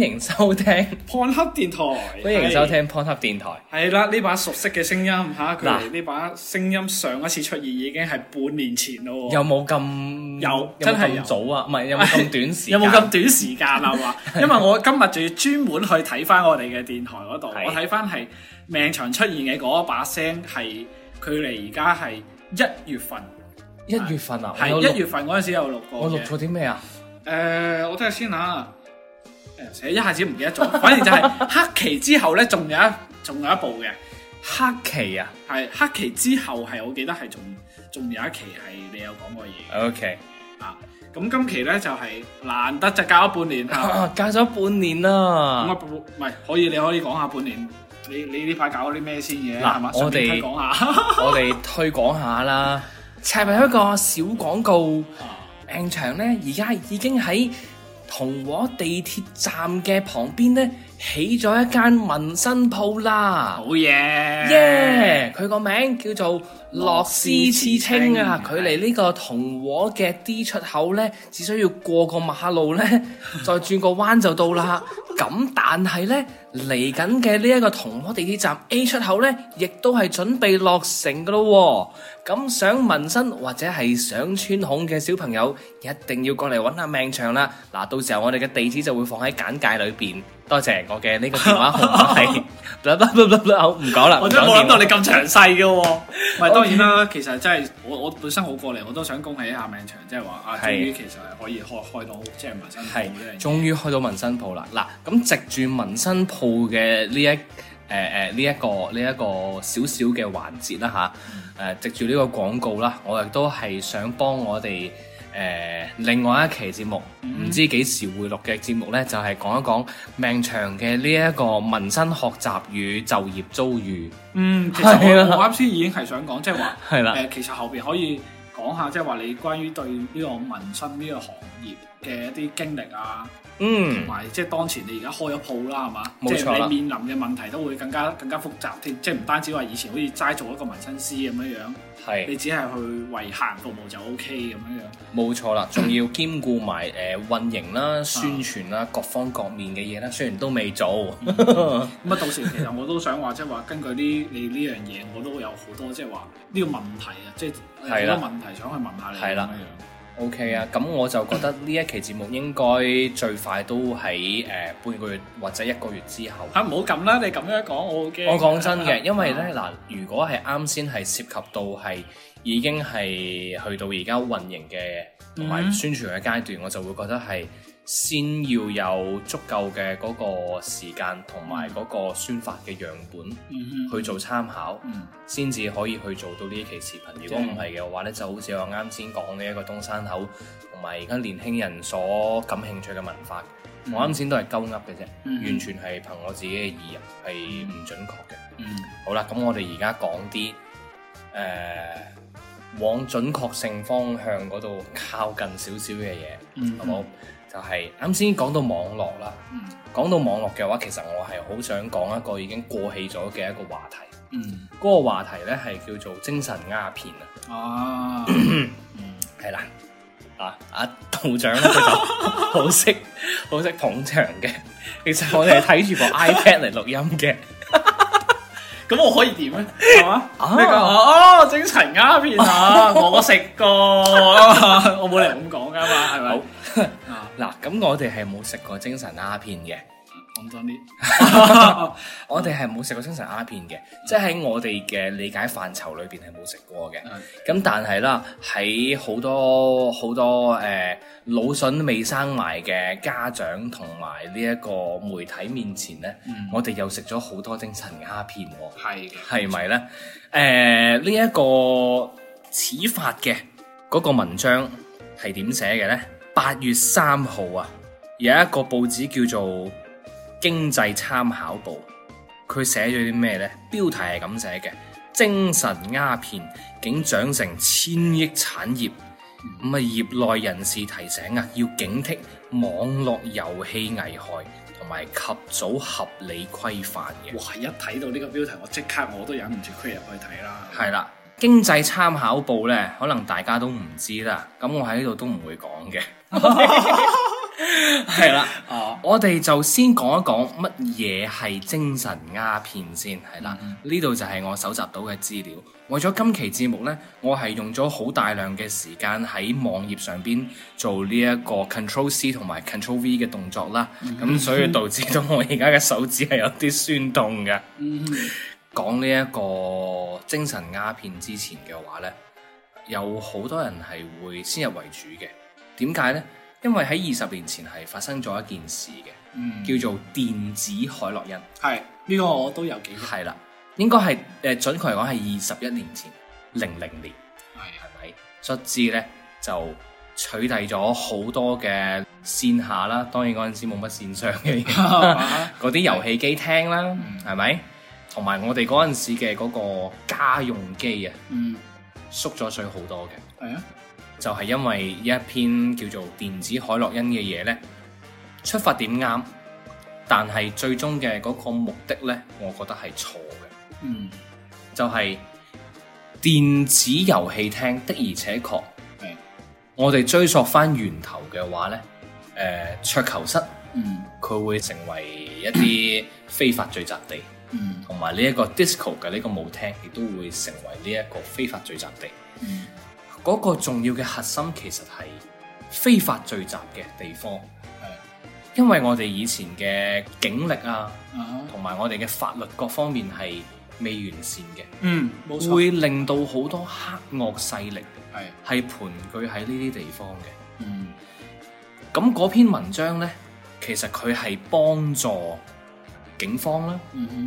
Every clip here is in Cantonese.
歡迎收聽《判黑電台》。歡迎收聽《判黑電台》。係啦，呢把熟悉嘅聲音吓佢嚟呢把聲音上一次出現已經係半年前咯。 有冇咁有，有真係早啊？唔係有冇咁短時有冇咁短時間啊、哎？話、哎、 因為我今日仲要專門去睇翻我哋嘅電台嗰度，是我睇翻係命長出現嘅嗰把聲係，距離而家係一月份一月份啊！係一是有月份嗰陣時有六個，我錄咗啲咩啊？誒，我睇下先吓。一下子唔記得咗， 反正就係黑棋之後咧，仲有，有一仲有一部嘅黑棋啊，係黑棋之後係我記得係仲仲有一期係你有講過嘢。O Okay . K 啊，咁今期咧就係、是、難得就隔咗半年， 隔咗半年啦。咁啊唔係，可以你可以講下半年，你你呢排搞啲咩先嘅，係嘛？順便講下們， 我哋推廣下啦，設計 一個小廣告呢，名場咧而家已經喺同和地鐵站嘅旁邊咧，起咗一間紋身鋪啦，好嘢！耶，佢個名叫做洛斯刺青啊， 距離呢個同和嘅 D 出口咧，只需要過個馬路咧，再轉個彎就到啦。咁 但係咧。嚟緊嘅呢一個銅鑼地鐵站 A 出口咧，亦都係準備落成噶咯。咁、嗯、想紋身或者係想穿孔嘅小朋友，一定要過嚟揾下命長啦。嗱，到時候我哋嘅地址就會放喺簡介裏邊。多謝我嘅呢個電話號碼。好，唔講啦。我真係冇諗到你咁詳細嘅。唔係 當然啦，Okay. 其實真係我我本身好過嚟，我都想恭喜一下命長，即係話啊，終於其實係可以開開到即係紋身鋪。係、就是，終於的的開到紋身鋪啦。嗱，咁藉住紋身鋪。啊 套嘅呢一誒誒呢一個呢一個小小嘅環節啦，嚇，誒，藉住呢個廣告啦，我亦都係想幫我哋誒另外一期節目，唔知幾時會錄嘅節目咧，就係講一講命長嘅呢一個民生學習與就業遭遇。嗯，係啦，其實我啱先已經係想講，即係話誒，其實後邊可以。講下即係話你關於對呢個紋身呢個行業嘅一啲經歷啊，嗯，同埋即係當前你而家開咗鋪冇錯啦，係嘛？即係你面臨嘅問題都會更加更加複雜啲，即係唔單止話以前好似齋做一個紋身師咁樣樣。係，是你只係去為客人服務就 O K 咁樣樣。冇錯啦，仲要兼顧埋誒運營啦、 宣傳啦、各方各面嘅嘢啦，雖然都未做。咁啊、嗯， 到時其實我都想話，即係話根據呢你呢樣嘢，我都有好多即係話呢個問題啊，即係好多問題的想去問下你咁的樣。O K 啊，咁 Okay,、嗯、我就覺得呢一期節目應該最快都喺誒、呃、半個月或者一個月之後。嚇、啊，唔好咁啦，你咁樣講，我好驚，我講真嘅，啊、因為咧嗱，啊、如果係啱先係涉及到係已經係去到而家運營嘅同埋宣傳嘅階段，嗯、我就會覺得係。先要有足夠嘅嗰個時間同埋嗰個宣發嘅樣本，mm hmm. 去做參考，先至、mm hmm. 可以去做到呢一期視頻。正如果唔係嘅話呢就好似我啱先講呢一個東山口同埋而家年輕人所感興趣嘅文化，mm hmm. 我啱先都係鳩噏嘅啫，mm hmm. 完全係憑我自己嘅意淫，係唔準確嘅。Mm hmm. 好啦，咁我哋而家講啲誒往準確性方向嗰度靠近少少嘅嘢，好冇、mm？Hmm. Okay. 就係啱先講到網絡啦，嗯、講到網絡嘅話，其實我係好想講一個已經過氣咗嘅一個話題，嗰、嗯、個話題呢係叫做精神鴉片啊，係啦， 啊阿、啊、道長佢就好識好識捧場嘅，其實我哋係睇住部 iPad 嚟錄音嘅。 咁我可以點咧？你講？哦，精神鴉片啊！我食過，我冇理由咁講噶嘛，係咪？好嗱，咁我哋係冇食過精神鴉片嘅。講真啲， 我哋係冇食過精神蝦片精神鴉片嘅，即係喺我哋嘅理解範疇裏邊係冇食過嘅。咁的但係啦，喺好多好多誒、呃、腦囟未生埋嘅家長同埋呢一個媒體面前呢，嗯、我哋又食咗好多精神鴉片，哦。係嘅的，係咪呢？誒、呃，呢、這、一個始發嘅嗰個文章係點寫嘅呢？八月三號啊，有一個報紙叫做經濟參考報，佢寫咗啲咩呢？標題係咁寫嘅：精神鴉片竟長成千億產業，咁啊，業內人士提醒啊，要警惕網絡遊戲危害，同埋及，及早合理規範嘅。哇！一睇到呢個標題，我即刻我都忍唔住 q 入去睇啦。係啦，經濟參考報呢，可能大家都唔知啦，咁我喺呢度都唔會講嘅。 係啦， 了 oh. 我哋就先講一講乜嘢係精神鴉片先，係啦，呢度、mm hmm. 就係我搜集到嘅資料。為咗今期節目呢，我係用咗好大量嘅時間喺網頁上邊做呢一個 Control C 同埋 Control V 嘅動作啦，咁、mm hmm. 所以導致到我而家嘅手指係有啲酸痛嘅。講呢一個精神鴉片之前嘅話呢，有好多人係會先入為主嘅，點解呢？因為喺二十年前係發生咗一件事嘅，嗯、叫做電子海洛因。係呢、這個我都有幾係啦、嗯，應該係誒準確嚟講係二十一年前零零年，係係咪？卒之咧就取締咗好多嘅線下啦，當然嗰陣時冇乜線上嘅，嗰啲遊戲機廳啦，係咪吧？同埋吧我哋嗰陣時嘅嗰個家用機啊，嗯，縮咗水好多嘅，係啊、嗯。就係因為一篇叫做電子海洛因嘅嘢呢，出發點啱，但係最終嘅嗰個目的呢，我覺得係錯嘅。嗯，就係電子遊戲廳的而且確，嗯、我哋追溯翻源頭嘅話呢，呃、桌球室，佢、嗯、會成為一啲非法聚集地，同埋呢一個 disco 嘅呢、這個舞廳亦都會成為呢一個非法聚集地。嗰個重要嘅核心其實係非法聚集嘅地方，的因為我哋以前嘅警力啊，同埋、uh huh. 我哋嘅法律各方面係未完善嘅，嗯，冇錯，會令到好多黑惡勢力係盤踞喺呢啲地方嘅。嗯、uh，咁、huh. 嗰篇文章呢，其實佢係幫助警方啦、啊，uh huh.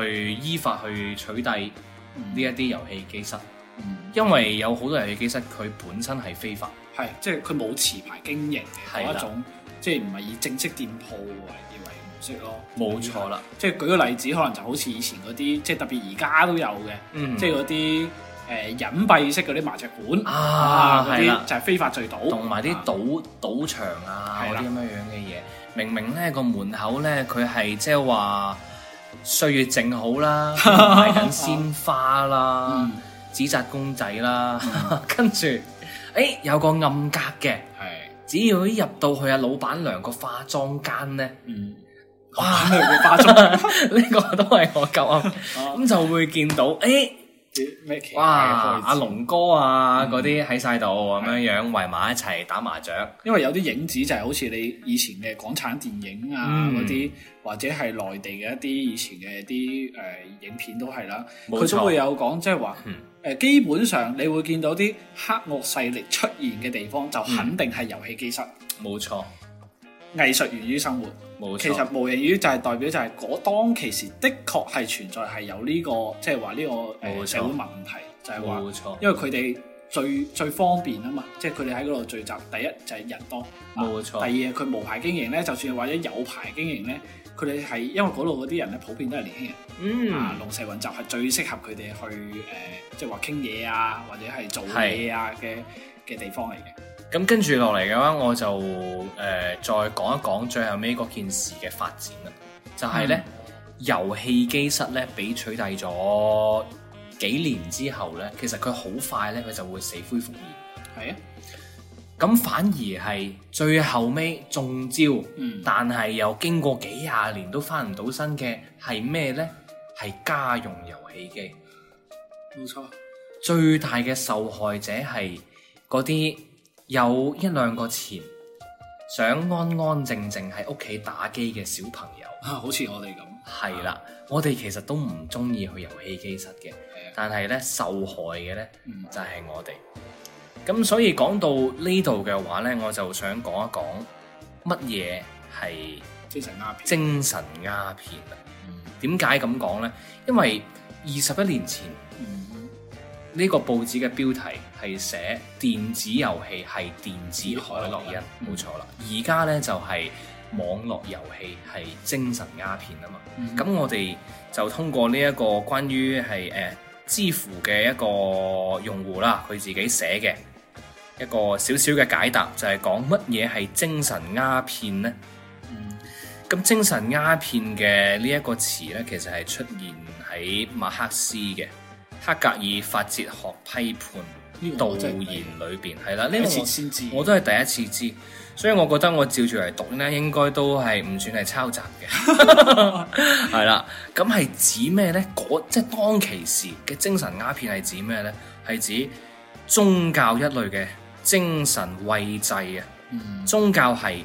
去依法去取締呢一啲遊戲機室。因為有好多遊戲機室，佢本身係非法，係即係佢冇持牌經營嘅嗰的一種，即係唔係以正式店鋪為為模式咯。冇錯啦，即係舉個例子，可能就好似以前嗰啲，即係特別而家都有嘅，嗯、即係嗰啲誒隱蔽式嗰啲麻雀館啊，嗰啲就係非法聚賭，同埋啲賭賭場啊啲咁的樣樣嘅嘢。明明咧、個門口咧佢係即係話歲月靜好啦，擺緊鮮花啦。 嗯紙紮公仔啦，跟住，誒有個暗格嘅，係只要一入到去阿老闆娘個化妝間咧，嗯，哇，個化妝呢個都係我夠啊，咁就會見到，誒，哇，阿龍哥啊，嗰啲喺晒度咁樣樣圍埋一齊打麻雀，因為有啲影子就係好似你以前嘅港產電影啊嗰啲，或者係內地嘅一啲以前嘅啲誒影片都係啦，佢總會有講即係話。基本上你會見到啲黑惡勢力出現嘅地方，就肯定係遊戲機室。冇、嗯、錯，藝術源於生活。冇錯，其實無形于就係代表就係嗰當其時的確係存在係有呢、這個，即係話呢個社會問題，錯就係話，錯因為佢哋最最方便啊嘛，即係佢哋喺嗰度聚集。第一就係、是、人多，冇錯、啊。第二佢無牌經營咧，就算或者有牌經營咧。佢哋係因為嗰度嗰啲人咧，普遍都係年輕人，嗯、啊，龍蛇混集係最適合佢哋去誒、呃，即係話傾嘢啊，或者係做嘢啊嘅嘅是地方嚟嘅。咁跟住落嚟嘅話，我就誒、呃、再講一講最後尾嗰件事嘅發展啦。就係、是、咧，嗯、遊戲機室咧俾取締咗幾年之後咧，其實佢好快咧佢就會死灰復燃。係啊。咁反而係最後尾中招，嗯、但係又經過幾廿年都翻唔到身嘅係咩呢？係家用遊戲機，冇錯錯。最大嘅受害者係嗰啲有一兩個錢想安安靜靜喺屋企打機嘅小朋友，啊、好似我哋咁。係啦，我哋其實都唔中意去遊戲機室嘅，的但係呢，受害嘅呢，嗯、就係我哋。咁所以講到呢度嘅話呢，我就想講一講乜嘢係精神鴉片，精神鴉片啊？點解咁講呢？因為二十一年前呢、嗯、個報紙嘅標題係寫電子遊戲係電子海洛因，冇錯啦。而家呢就係網絡遊戲係精神鴉片啊嘛。咁、嗯、我哋就通過呢一個關於係誒支付嘅一個用戶啦，佢自己寫嘅。一個少少嘅解答就係講乜嘢係精神鴉片呢？咁、嗯、精神鴉片嘅呢一個詞呢，其實係出現喺馬克思嘅《黑格爾法哲學批判呢個》導言裏邊，係啦，呢次先知，我，我，我都係第一次知，嗯、所以我覺得我照住嚟讀呢，應該都係唔算係抄襲嘅，係啦。咁係指咩呢？嗰即係當其時嘅精神鴉片係指咩呢？係指宗教一類嘅。精神慰藉啊！嗯、宗教係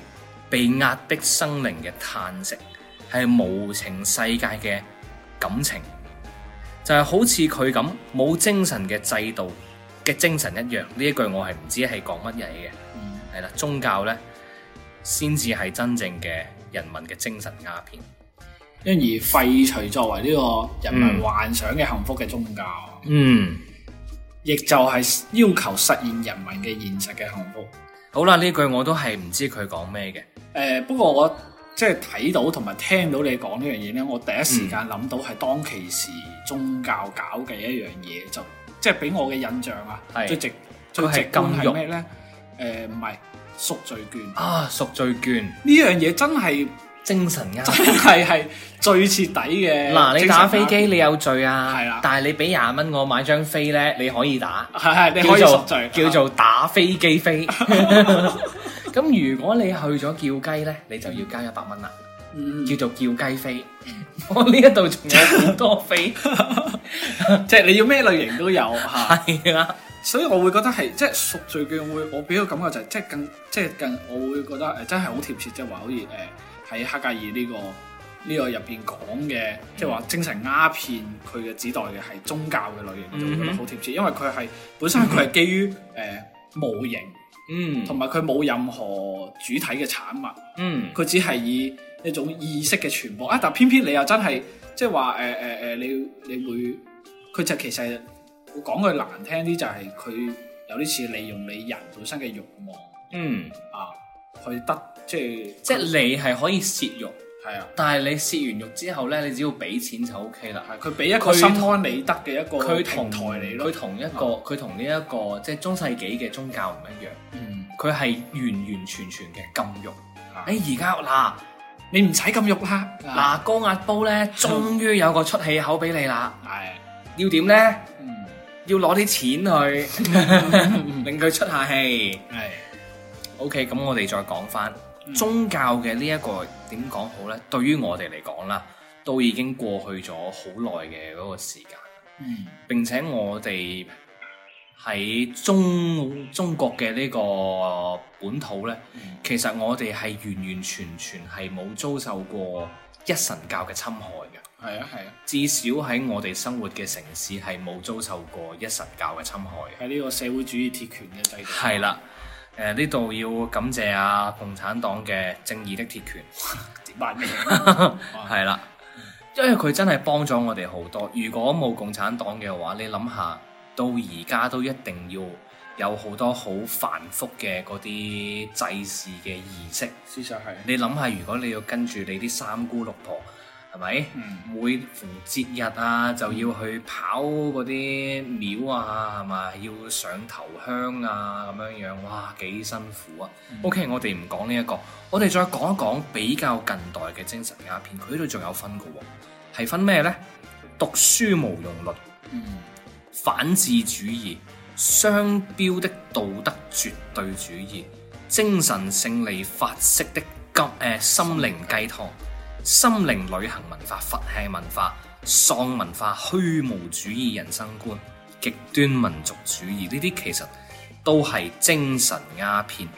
被壓迫生靈嘅嘆息，係無情世界嘅感情，就係、是、好似佢咁冇精神嘅制度嘅精神一樣。呢一句我係唔知係講乜嘢嘅，係啦、嗯，宗教呢先至係真正嘅人民嘅精神鴉片，因而廢除作為呢個人民幻想嘅幸福嘅宗教。嗯。嗯亦就係要求實現人民嘅現實嘅幸福。好啦，呢句我都係唔知佢講咩嘅。誒、呃，不過我即係睇到同埋聽到你講呢樣嘢咧，我第一時間諗到係當其時宗教搞嘅一樣嘢，嗯、就即係俾我嘅印象啊，最直是最直金係咩咧？誒，唔係贖罪券啊，贖罪券呢樣嘢真係。精神壓 真係係最徹底嘅嗱、啊。你打飛機你有罪啊，係啦、啊。但係你俾廿蚊我買張飛咧，你可以打係係、啊，你可以贖罪叫做、啊、叫做打飛機飛。咁 如果你去咗叫雞咧，你就要交一百蚊啦，嗯、叫做叫雞飛。我呢一度仲有好多飛，即 係 你要咩類型都有嚇係 啊，所以我會覺得係即係贖罪嘅會，我俾個感覺就係即係更即係更，即係更即係、更我會覺得誒真係好貼切，即係話好似。誒。喺黑格爾呢、這個呢、這個入邊講嘅，即係話精神鴉片，佢嘅指代嘅係宗教嘅類型，嗯、哼就覺得好貼切，因為佢係本身佢係基於誒、呃、模型，嗯，同埋佢冇任何主體嘅產物，嗯，佢只係以一種意識嘅傳播啊，但偏偏你又真係即係話誒誒誒，你你會佢就其實講句難聽啲，就係、是、佢有啲似利用你人本身嘅慾望，嗯，啊，去得。即係，即係你係可以洩欲，係啊，但係你泄完肉之後咧，你只要俾錢就 O K 啦。係，佢俾一個心安理得嘅一個平台你咯。佢同一個，佢同呢一個即係中世紀嘅宗教唔一樣。嗯，佢係完完全全嘅禁欲。誒，而家嗱，你唔使禁欲啦。嗱，高壓煲咧，終於有個出氣口俾你啦。係，要點咧？嗯，要攞啲錢去令佢出下氣。係，O K，咁我哋再講翻。宗教嘅呢一個點講好呢？對於我哋嚟講啦，都已經過去咗好耐嘅嗰個時間。嗯。並且我哋喺中中國嘅呢個本土呢，嗯、其實我哋係完完全全係冇遭受過一神教嘅侵害嘅。係啊，係啊。至少喺我哋生活嘅城市係冇遭受過一神教嘅侵害嘅。喺呢個社會主義鐵拳嘅制度。係啦。誒呢度要感謝啊！共產黨嘅正義的鐵拳，點辦係啦，因為佢真係幫咗我哋好多。如果冇共產黨嘅話，你諗下，到而家都一定要有好多好繁複嘅嗰啲祭祀嘅儀式。事實係，你諗下，如果你要跟住你啲三姑六婆。係咪？嗯、每逢節日啊，就要去跑嗰啲廟啊，係嘛？要上頭香啊，咁樣樣，哇，幾辛苦啊、嗯、！OK，我哋唔講呢一個，我哋再講一講比較近代嘅精神鴉片。佢呢度仲有分嘅喎，係分咩呢？讀書無用論、嗯、反智主義、雙標的道德絕對主義、精神勝利法式的急誒心靈雞湯。心靈旅行文化、佛系文化、喪文化、虛無主義人生觀、極端民族主義呢啲，其實都係精神鴉片。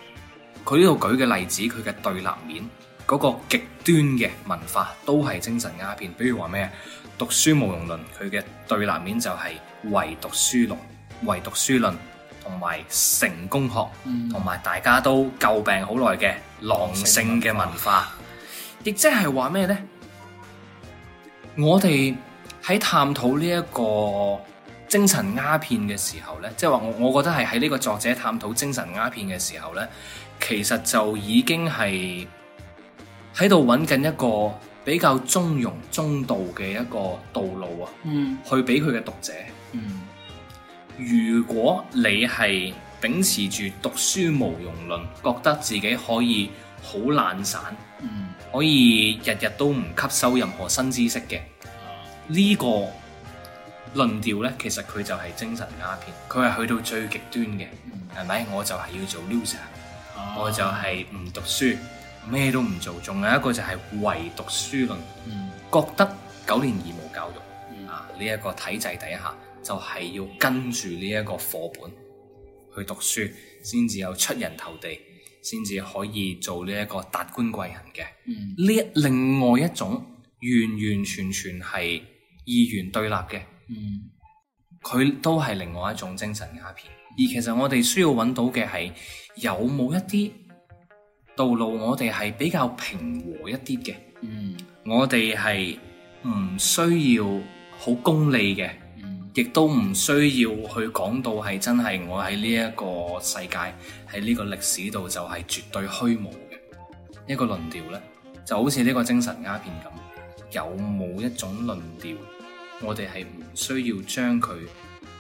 佢呢度舉嘅例子，佢嘅對立面嗰個極端嘅文化都係精神鴉片。比如話咩讀書無用論，佢嘅對立面就係唯讀書論、唯讀書論，同埋成功學，同埋、嗯、大家都詬病好耐嘅狼性嘅文化。亦即係話咩呢？我哋喺探討呢一個精神鴉片嘅時候呢，即係話我我覺得係喺呢個作者探討精神鴉片嘅時候呢，其實就已經係喺度揾緊一個比較中庸中道嘅一個道路啊。嗯，去俾佢嘅讀者。嗯，如果你係秉持住讀書無用論，覺得自己可以好懶散，嗯可以日日都唔吸收任何新知識嘅呢，呢個論調呢，其實佢就係精神鴉片，佢係去到最極端嘅，係咪，嗯？我就係要做 loser、啊、我就係唔讀書，咩都唔做。仲有一個就係唯讀書論，嗯、覺得九年義務教育，嗯、啊呢一、呢個體制底下，就係、是要跟住呢一個課本去讀書，先至有出人頭地。先至可以做呢一個達官貴人嘅，呢、嗯、另外一種完完全全係二元對立嘅，佢、嗯、都係另外一種精神鴉片。嗯、而其實我哋需要揾到嘅係有冇一啲道路，我哋係比較平和一啲嘅。嗯，我哋係唔需要好功利嘅，亦、嗯、都唔需要去講到係真係我喺呢一個世界。喺呢個歷史度就係絕對虛無嘅一個論調咧，就好似呢個精神鴉片咁，有冇一種論調，我哋係唔需要將佢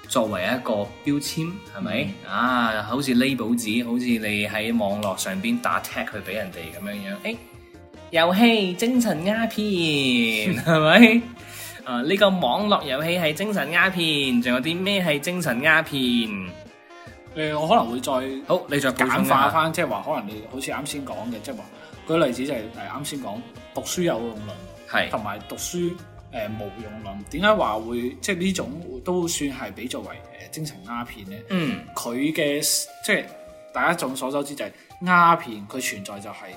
作為一個標籤，係咪、嗯、啊？好似呢 label 紙，好似你喺網絡上邊打 tag 佢俾人哋咁樣樣、欸，誒遊戲精神鴉片係咪？ 啊呢、呢個網絡遊戲係精神鴉片，仲有啲咩係精神鴉片？誒，我可能會再好，你再簡化翻下，即係話可能你好似啱先講嘅，即係話舉例子就係誒啱先講讀書有用論，係同埋讀書誒、呃、無用論，點解話會即係呢種都算係俾作為誒精神鴉片咧？嗯，佢嘅即係大家眾所周知就係、是、鴉片，佢存在就係、是、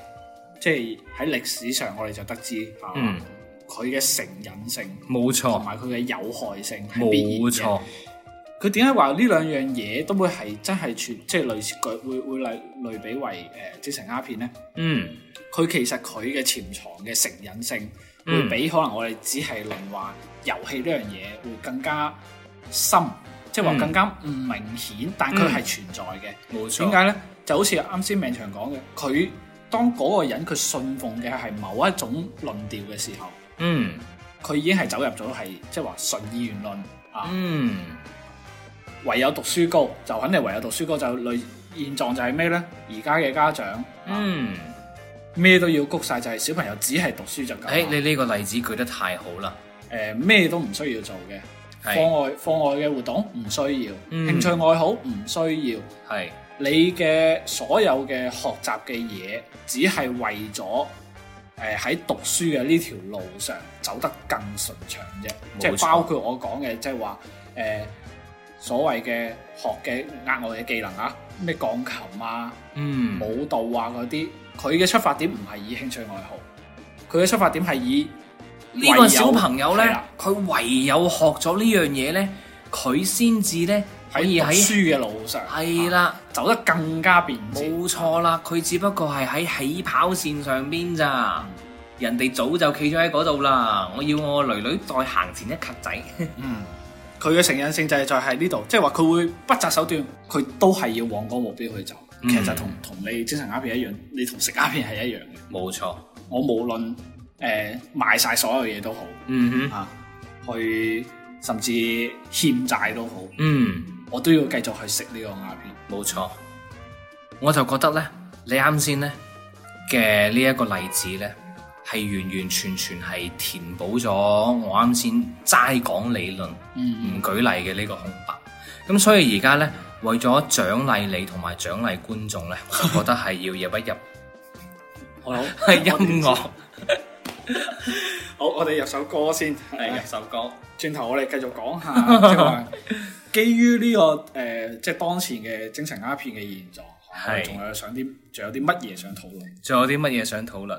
即係喺歷史上我哋就得知，嗯，佢嘅成癮性冇錯，同埋佢嘅有害性係冇錯。佢點解話呢兩樣嘢都會係真係全即係、就是、類似舉會會類類比為誒精神鴉片咧？嗯，佢其實佢嘅潛藏嘅成癮性會比可能我哋只係論話遊戲呢樣嘢會更加深，即係話更加唔明顯，但佢係存在嘅。冇、嗯、錯，點解咧？就好似啱先命長講嘅，佢當嗰個人佢信奉嘅係某一種論調嘅時候，嗯，佢已經係走入咗係即係話順意言論啊，嗯。唯有讀書高就肯定，唯有讀書高就類現狀就係咩呢？而家嘅家長，嗯，咩都要谷晒，就係、是、小朋友只係讀書就夠。誒、欸，你呢個例子舉得太好啦！咩、呃、都唔需要做嘅是，課外課外嘅活動唔需要，興、嗯、趣愛好唔需要。係是你嘅所有嘅學習嘅嘢，只係為咗喺、呃、讀書嘅呢條路上走得更順暢啫。即係錯包括我講嘅，即係話誒。呃所謂嘅學嘅額外嘅技能啊，咩鋼琴啊、舞蹈、嗯、啊嗰啲，佢嘅出發點唔係以興趣愛好，佢嘅出發點係以呢個小朋友咧，佢唯，唯有學咗呢樣嘢咧，佢先至咧可以喺書嘅路上係啦，了走得更加便捷。冇錯啦，佢只不過係喺起跑線上邊咋，人哋早就企咗喺嗰度啦。我要我女女再行前一格仔。 嗯佢嘅成癮性就係喺呢度，即係話佢會不擇手段，佢都係要往嗰個目標去走。嗯、其實同同你精神鴉片一樣，你同食鴉片係一樣嘅。冇錯，我無論誒賣晒所有嘢都好，嗯哼啊，去甚至欠債都好，嗯，我都要繼續去食呢個鴉片。冇錯，我就覺得咧，你啱先咧嘅呢一個例子咧。係完完全全係填補咗我啱先齋講理論唔舉例嘅呢個空白。咁所以而家呢，為咗獎勵你同埋獎勵觀眾呢，我覺得係要入一入， 好，好，係音樂。 好，我哋入首歌先，係入首歌。轉頭我哋繼續講下，即係話基於呢個誒，即係當前嘅精神鴉片嘅現狀，係仲有想啲，仲有啲乜嘢想討論？仲有啲乜嘢想討論？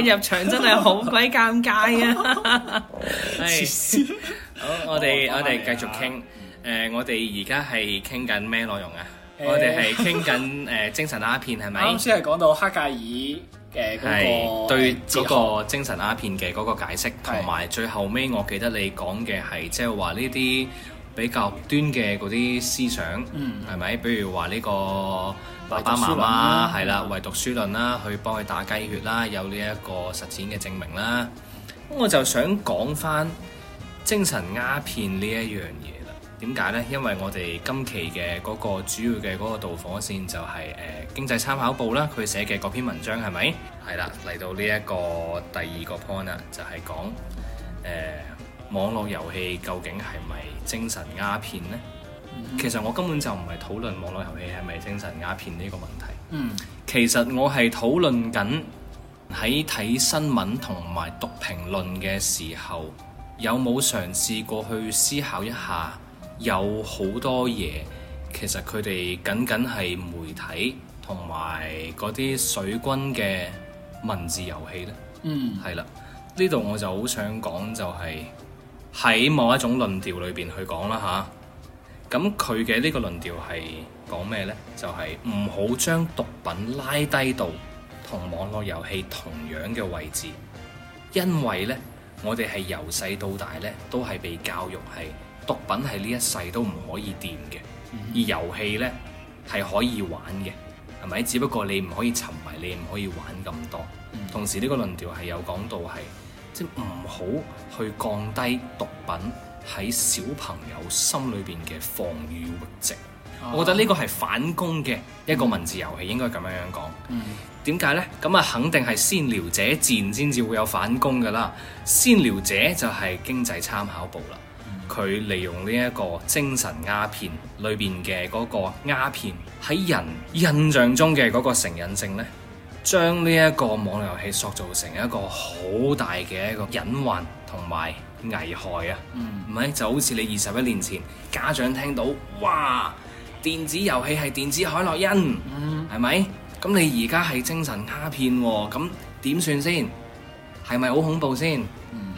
入場真係好鬼尷尬啊！黐線。好，我哋 我哋繼續傾。誒、嗯呃，我哋而家係傾緊咩內容啊？ 我哋係傾緊誒精神鴉片係咪？啱先係講到黑格爾嘅嗰個對嗰個精神鴉片嘅嗰個解釋，同埋是最後尾我記得你講嘅係即係話呢啲比較端嘅嗰啲思想，係咪、嗯？比如話呢、呢個。爸爸媽媽係啦，為讀書論啦，去幫佢打雞血啦，有呢一個實踐嘅證明啦。咁我就想講返精神鴉片呢一樣嘢啦。點解呢？因為我哋今期嘅嗰個主要嘅嗰個導火線就係、是、誒、呃、經濟參考報啦，佢寫嘅嗰篇文章係咪？係啦，嚟到呢一個第二個 point 啊，就係講誒網絡遊戲究竟係咪精神鴉片呢？嗯、其實我根本就唔係討論網絡遊戲係咪精神鴉片呢個問題。嗯，其實我係討論緊喺睇新聞同埋讀評論嘅時候，有冇嘗試過去思考一下有，有好多嘢其實佢哋僅僅係媒體同埋嗰啲水軍嘅文字遊戲呢？嗯，係啦，呢度我就好想講就係喺某一種論調裏邊去講啦嚇。咁佢嘅呢個論調係講咩呢？就係唔好將毒品拉低到同網絡遊戲同樣嘅位置，因為呢，我哋係由細到大呢都係被教育係毒品係呢一世都唔可以掂嘅，而遊戲呢，係可以玩嘅，係咪？只不過你唔可以沉迷，你唔可以玩咁多。同時呢個論調係有講到係即係唔好去降低毒品。喺小朋友心裏邊嘅防禦閾值，啊、我覺得呢個係反攻嘅一個文字遊戲，嗯、應該咁樣樣講。點解咧？咁啊，肯定係先撩者賤先至會有反攻噶啦。先撩者就係經濟參考報啦，佢，嗯、利用呢一個精神鴉片裏邊嘅嗰個鴉片喺人印象中嘅嗰個成癮性咧，將呢一個網絡遊戲塑造成一個好大嘅一個隱患同埋。危害啊、嗯！唔係就好似你二十一年前家長聽到，哇！電子遊戲係電子海洛因，係咪、嗯嗯？咁你而家係精神鴉片喎，咁點算先？係咪好恐怖先？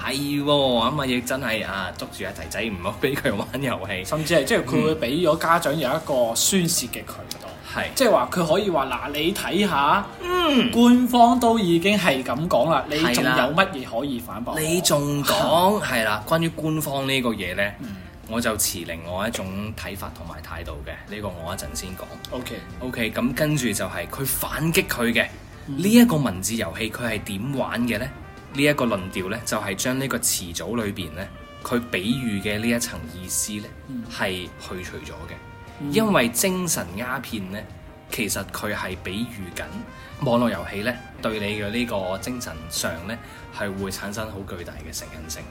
係，咁啊！亦、嗯、真係啊，捉住阿仔仔唔好俾佢玩遊戲，甚至係即係佢會俾咗家長有一個宣泄嘅渠道。嗯係，是即係話佢可以話嗱，你睇下，嗯，官方都已經係咁講啦，你仲有乜嘢可以反駁？你仲講係啦，關於官方呢個嘢呢，嗯、我就持另外一種睇法同埋態度嘅，呢、這個我一陣先講。OK，OK，咁跟住就係佢反擊佢嘅呢一個文字遊戲，佢係點玩嘅呢？呢、這、一個論調呢，就係將呢個詞組裏邊呢，佢比喻嘅呢一層意思呢，係、嗯、去除咗嘅。因為精神鴉片呢，其實佢係比喻緊網絡遊戲呢對你嘅呢個精神上呢係會產生好巨大嘅成癮性，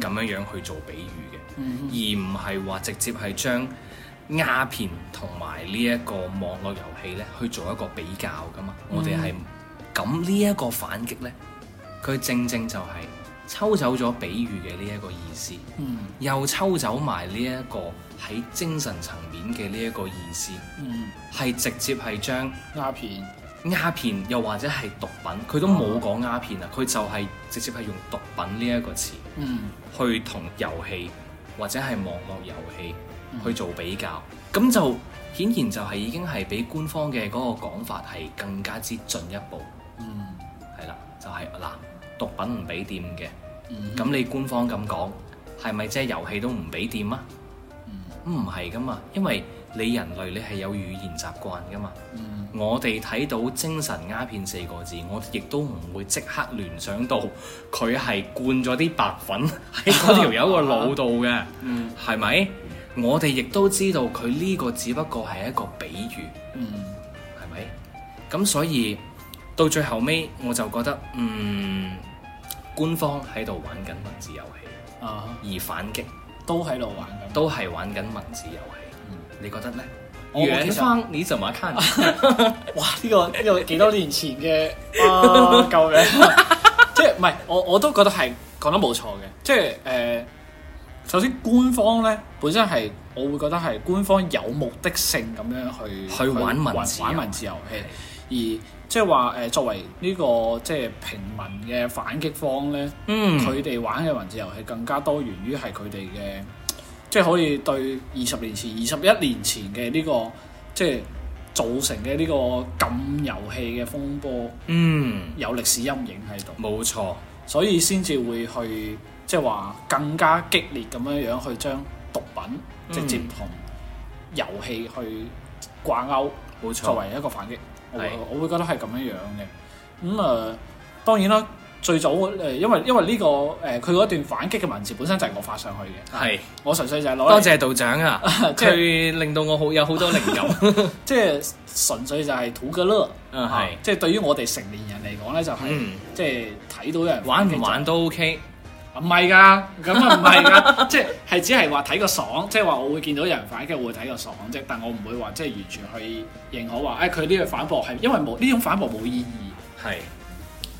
咁樣樣去做比喻嘅，而唔係話直接係將鴉片同埋呢一個網絡遊戲呢去做一個比較㗎嘛。我哋係咁呢一個反擊呢，佢正正就係、是。抽走咗比喻嘅呢一個意思，嗯，又抽走埋呢一個喺精神層面嘅呢一個意思，嗯，係直接係將鴉片，鴉片又或者係毒品，佢都冇講鴉片啊，佢就係直接係用毒品呢一個詞，嗯，去同遊戲或者係網絡遊戲，嗯，去做比較，咁就顯然就係已經係比官方嘅嗰個講法係更加之進一步，嗯，係，就係，啦，就係嗱。毒品唔俾掂嘅，咁、嗯、你官方咁講，係咪即係遊戲都唔俾掂啊？唔係噶嘛，因為你人類你係有語言習慣噶嘛。嗯、我哋睇到精神鴉片四個字，我亦都唔會即刻聯想到佢係灌咗啲白粉喺條友個腦度嘅，係咪、啊嗯？我哋亦都知道佢呢個只不過係一個比喻，係咪、嗯？咁所以到最後尾我就覺得嗯。官方喺度玩緊文字遊戲，uh huh. 而反擊都喺度玩緊，都係玩緊文字遊戲，字遊戲、嗯。你覺得呢？官方，你怎麼看？ 哇！呢、這個呢、這個幾多年前嘅，救命！ 即係唔係？我我都覺得係講得冇錯嘅。即係誒、呃，首先官方咧本身係，我會覺得係官方有目的性咁樣去去玩文字玩文字遊戲，遊戲的而。即係話誒，作為呢、呢個即係平民嘅反擊方咧，佢哋、嗯、玩嘅文字遊戲更加多源於係佢哋嘅，即係可以對二十年前、二十一年前嘅呢、呢個即係造成嘅呢個禁遊戲嘅風波、嗯嗯，有歷史陰影喺度。冇錯，所以先至會去即係話更加激烈咁樣樣去將毒品即係直接同遊戲去掛鈎，嗯、冇錯，作為一個反擊。我是我會覺得係咁樣樣嘅，咁、嗯、啊、呃，當然啦，最早誒、呃，因為因為呢、這個誒，佢、呃、嗰段反擊嘅文字本身就係我發上去嘅，係是，我純粹就係攞，多謝道長啊，即係、 就是、令到我好有好多靈感，即係純粹就係土噶啦，係，即係、啊就是、對於我哋成年人嚟講咧，嗯、就係即係睇到有人玩唔玩都 OK。唔係噶，咁啊唔係噶， 即係只係話睇個爽，即係話我會見到有人反，即係會睇個爽啫。但我唔會話即係完全去認可話，哎佢呢個反駁係，因為冇呢種反駁冇意義。係是，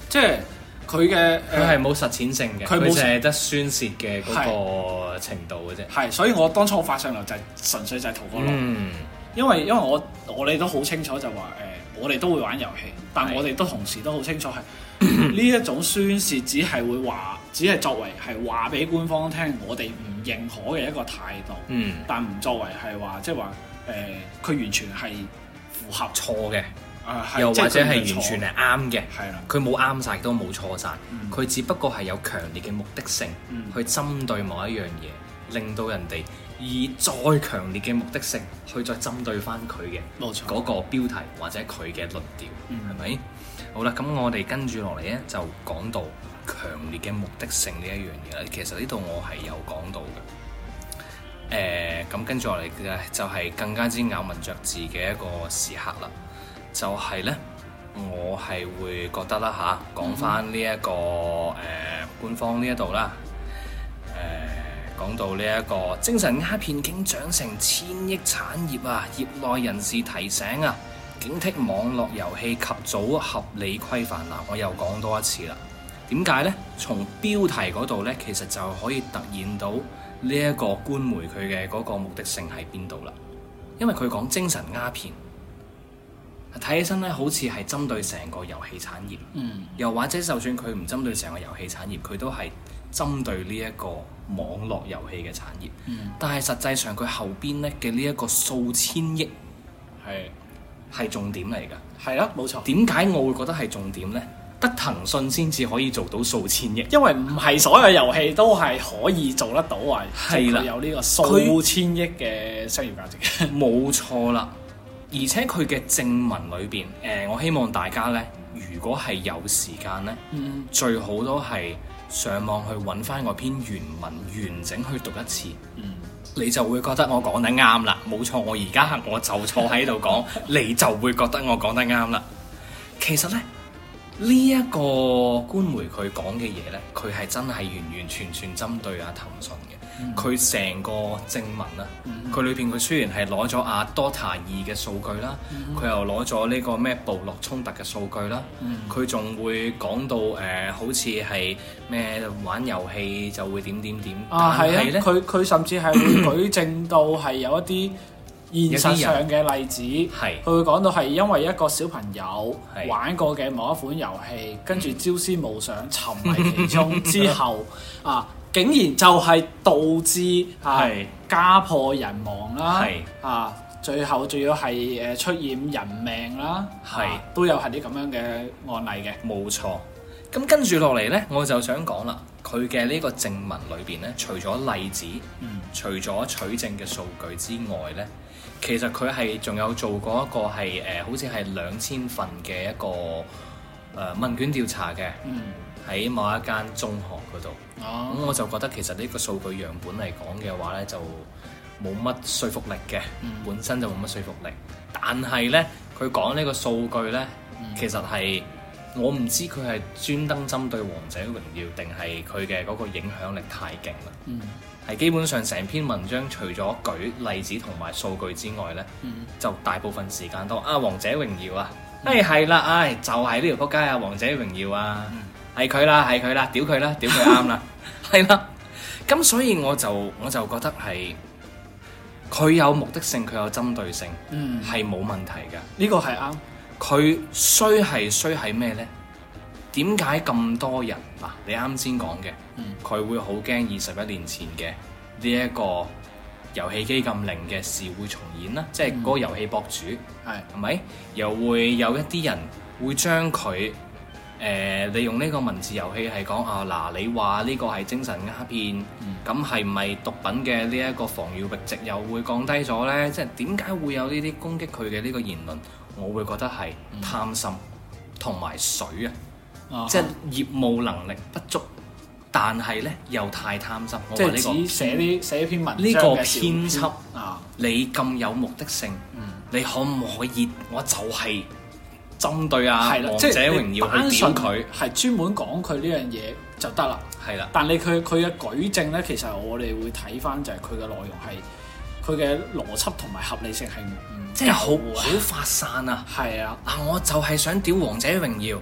即係佢嘅佢係冇實踐性嘅，佢冇係得宣泄嘅嗰個程度嘅啫。係，所以我當初我發上嚟就係純粹就係圖個樂。因為因為我我哋都好清楚就話誒、呃，我哋都會玩遊戲，但我哋都同時都好清楚係。呢、嗯、一種宣泄只係會話，只係作為係話俾官方聽，我哋唔認可嘅一個態度。嗯，但唔作為係話，即係話，誒、呃，佢完全係符合錯嘅的，又、呃、或者係完全係啱嘅，係啦的，佢冇啱晒都冇錯晒。佢、嗯、只不過係有強烈嘅目的性去針對某一樣嘢，嗯、令到人哋以再強烈嘅目的性去再針對翻佢嘅嗰個標題或者佢嘅論調，係咪、嗯？嗯好啦，咁我哋跟住落嚟咧，就講到強烈嘅目的性呢一樣嘢啦。其實呢度我係有講到嘅。誒、呃，咁跟住落嚟嘅就係、是、更加之咬文嚼字嘅一個時刻啦。就係、是、咧，我係會覺得啦嚇、啊，講翻呢一個誒、呃、官方呢一度啦。誒、呃，講到呢、這、一個精神鴉片竟長成千億產業啊！業內人士提醒啊！警惕網絡遊戲及早合理規範嗱，我又講多一次啦。點解呢？從標題嗰度呢，其實就可以突現到呢一個官媒佢嘅嗰個目的性喺邊度啦。因為佢講精神鴉片，睇起身呢好似係針對成個遊戲產業。嗯。又或者，就算佢唔針對成個遊戲產業，佢都係針對呢一個網絡遊戲嘅產業。嗯。但係實際上，佢後邊呢嘅呢一個數千億，係。係重點嚟噶係咯，冇錯。點解我會覺得係重點呢？得騰訊先至可以做到數千億，因為唔係所有遊戲都係可以做得到話，即係佢有呢個數千億嘅商業價值。冇錯啦，而且佢嘅正文裏邊，誒、呃，我希望大家呢，如果係有時間呢，嗯、最好都係上網去揾翻嗰篇原文，完整去讀一次。嗯你就會覺得我講得啱啦，冇錯，我而家我就坐喺度講， 你就會覺得我講得啱啦。其實呢，呢一個官媒佢講嘅嘢呢，佢係真係完完全全針對阿騰訊嘅。佢成個正文啊，佢裏邊佢雖然係攞咗阿 DOTA 二嘅數據啦，佢、嗯、哼又攞咗呢個咩部落衝突嘅數據啦，佢仲、嗯、哼會講到誒、呃，好似係咩玩遊戲就會點點點啊，係啊，佢佢甚至係會舉證到係有一啲現實上嘅例子，係佢會講到係因為一個小朋友玩過嘅某一款遊戲，是跟住朝思暮想沉迷其中 之後啊。竟然就係導致係家破人亡啦，係是最後仲要係誒出現人命啦，係是、啊、都有係啲咁樣嘅案例嘅。冇錯，咁跟住落嚟呢，我就想講啦，佢嘅呢個證文裏邊呢，除咗例子，嗯、除咗取證嘅數據之外呢，其實佢係仲有做過一個係誒，好似係兩千份嘅一個誒問卷調查嘅，嗯。喺某一間中學嗰度，咁、oh. 我就覺得其實呢個數據樣本嚟講嘅話呢，就冇乜說服力嘅，mm. 本身就冇乜說服力。但係呢，佢講呢個數據呢，mm. 其實係我唔知佢係專登針對《王者榮耀》定係佢嘅嗰個影響力太勁啦。係、mm. 基本上成篇文章除咗舉例子同埋數據之外呢，mm. 就大部分時間都啊《王者榮耀》啊，誒係啦，誒、哎、就係呢條仆街啊《王者榮耀》啊。係佢啦，係佢啦，屌佢啦，屌佢啱啦，係啦。咁、 啊、所以我就我就覺得係佢有目的性，佢有針對性，嗯，係冇問題嘅。呢個係啱。佢衰係衰係咩呢？點解咁多人嗱？你啱先講嘅，佢、嗯、會好驚二十一年前嘅呢一個遊戲機咁靈嘅事會重演啦，即係嗰個遊戲博主係，係咪？又會有一啲人會將佢。誒，利、呃、用呢個文字遊戲係講啊，嗱，你話呢個係精神鴉片，咁係唔係毒品嘅呢一個防禦壁壘又會降低咗呢？即係點解會有呢啲攻擊佢嘅呢個言論？我會覺得係貪心同埋、嗯、水啊，即係業務能力不足，但係呢又太貪心。即係你寫呢寫一篇文章呢個編輯，啊、你咁有目的性，嗯、你可唔可以？我就係、是。針對啊《王者榮耀》去屌佢，係專門講佢呢樣嘢就得啦。係啦，但你佢佢嘅舉證咧，其實我哋會睇返就係佢嘅內容係，佢嘅邏輯同埋合理性係，即係好好發散啊！係啊的，嗱，我就係想屌《王者榮耀》。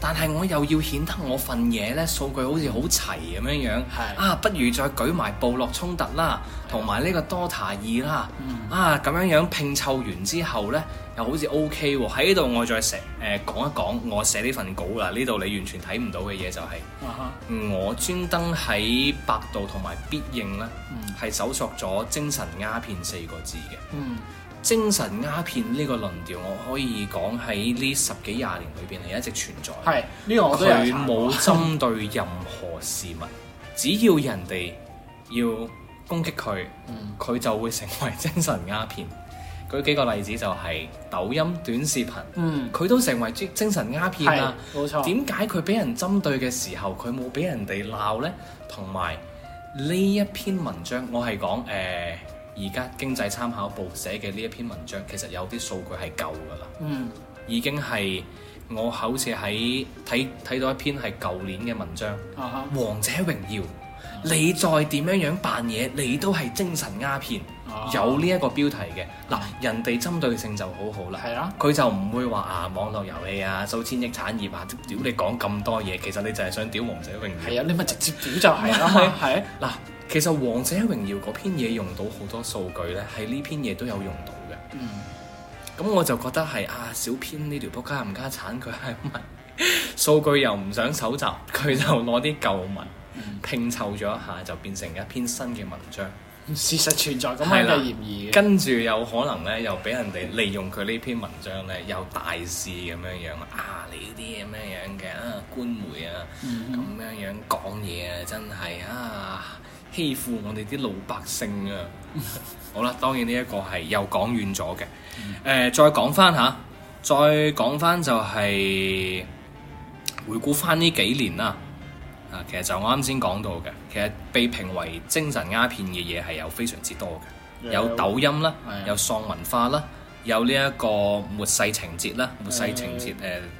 但係我又要顯得我份嘢呢，數據好似好齊咁樣樣。係啊，不如再舉埋部落衝突啦，同埋呢個多塔二啦。嗯。啊，咁樣樣拼湊完之後呢，又好似 OK 喎。喺呢度我再寫誒、呃、講一講我寫呢份稿啦。呢度你完全睇唔到嘅嘢就係、是，uh huh. 我專登喺百度同埋必應咧，係、嗯、搜索咗精神鴉片四個字嘅。嗯。精神鴉片呢個論調，我可以講喺呢十幾廿年裏邊係一直存在。係，呢、這個我都係查過。佢冇針對任何事物， 只要人哋要攻擊佢，佢、嗯、就會成為精神鴉片。舉幾個例子就係抖音短視頻，佢、嗯、都成為精精神鴉片啦。冇錯。點解佢俾人針對嘅時候，佢冇俾人哋鬧呢？同埋呢一篇文章我，我係講誒。而家經濟參考報寫嘅呢一篇文章，其實有啲數據係舊㗎啦，嗯，已經係我好似喺睇睇到一篇係舊年嘅文章，《王者榮耀》，你再點樣樣扮嘢，你都係精神鴉片，有呢一個標題嘅，嗱，人哋針對性就好好啦，係啊，佢就唔會話啊網絡遊戲啊數千億產業啊，屌你講咁多嘢，其實你就係想屌《王者榮耀》，係啊，你咪直接屌就係囉，係嗱。其實《王者榮耀》嗰篇嘢用到好多數據咧，喺呢篇嘢都有用到嘅。嗯。咁我就覺得係啊，小編呢條仆街冚家鏟佢係唔係數據又唔想搜集，佢就攞啲舊文、嗯、拼湊咗一下，就變成一篇新嘅文章。 事實存在咁嘅係啦。跟住 有可能咧，又俾人哋利用佢呢篇文章咧，又大肆咁樣樣啊！你呢啲咁樣樣嘅啊官媒啊咁、嗯、哼 樣樣講嘢啊，真係啊～欺負我哋啲老百姓啊！ 好啦，當然呢一個係又講遠咗嘅。誒、嗯呃，再講返吓，再講返就係、是、回顧返呢幾年啦。啊，其實就我啱先講到嘅，其實被評為精神鴉片嘅嘢係有非常之多嘅，yeah, 有抖音啦，yeah, 有喪文化啦。yeah. 有呢一個末世情節啦，末世情節誒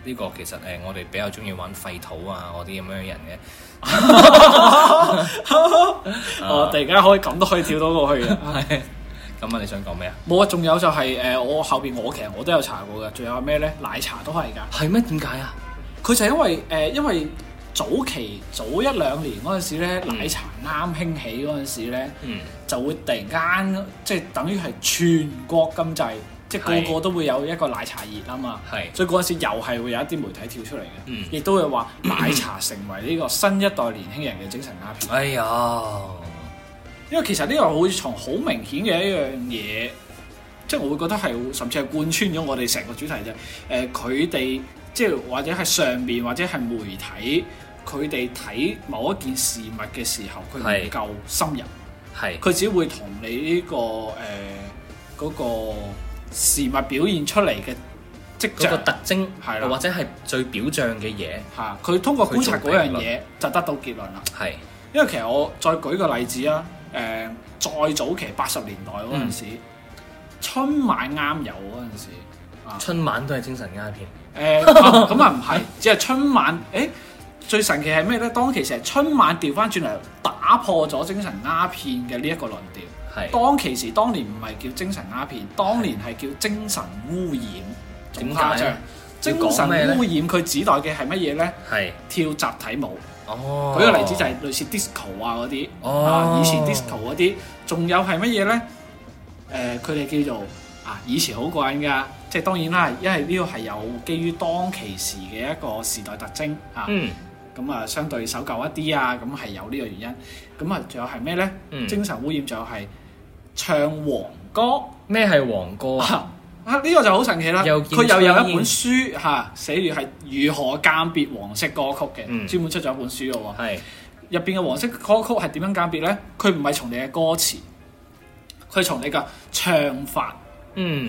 呢個其實誒我哋比較中意玩廢土啊嗰啲咁樣嘅人嘅，哦，突然間可以咁都可以跳到過去嘅，咁啊你想講咩啊？冇啊，仲有就係誒我後邊我其實我都有查過嘅，仲有咩咧？奶茶都係㗎，係咩？點解啊？佢就因為誒因為早期早一兩年嗰陣時咧，奶茶啱興起嗰陣時咧，嗯，就會突然間即係等於係全國咁滯。即係個個都會有一個奶茶熱啊嘛，是所以嗰陣時又係會有一啲媒體跳出嚟嘅，亦、嗯、都會話奶茶成為呢個新一代年輕人嘅精神鴉片。哎呀呦，因為其實呢個好似從好明顯嘅一樣嘢，即、就、係、是、我會覺得係甚至係貫穿咗我哋成個主題就誒，佢、呃、哋即係或者係上面或者係媒體，佢哋睇某一件事物嘅時候，佢唔夠深入，佢只會同你呢個誒嗰個，呃，那個事物表現出嚟嘅跡，嗰個特徵，的或者係最表象嘅嘢，佢通過觀察嗰樣嘢就得到結論啦。係的，因為其實我再舉個例子啊，誒、嗯，再早期八十年代嗰陣時，嗯、春晚啱有嗰陣時，春晚都係精神鴉片。誒、啊，咁 啊唔係，只係春晚，誒、欸，最神奇係咩咧？當其實係春晚調翻轉嚟打破咗精神鴉片嘅呢一個論調。是當其時，當年唔係叫精神鴉片，當年係叫精神污染。點解呢？精神污染佢指代嘅係乜嘢呢？係是跳集體舞。哦。舉個例子就係類似 disco 啊嗰啲。哦。以前 disco 嗰啲，仲有係乜嘢呢？佢哋叫做啊，以前好過癮㗎。即係當然啦，因為呢個係有基於當其時嘅一個時代特徵啊。咁、嗯、啊，相對守舊一啲啊，咁係有呢個原因。咁啊，仲有係咩呢？嗯、精神污染仲有係唱黃歌。咩係黃歌啊？呢、啊呢個就好神奇啦！佢又見 有一本書嚇又見、啊，寫住係如何鑑別黃色歌曲嘅，嗯、專門出咗一本書嘅喎。入邊嘅黃色歌曲係點樣鑑別呢？佢唔係從你嘅歌詞，佢從你嘅唱法。嗯。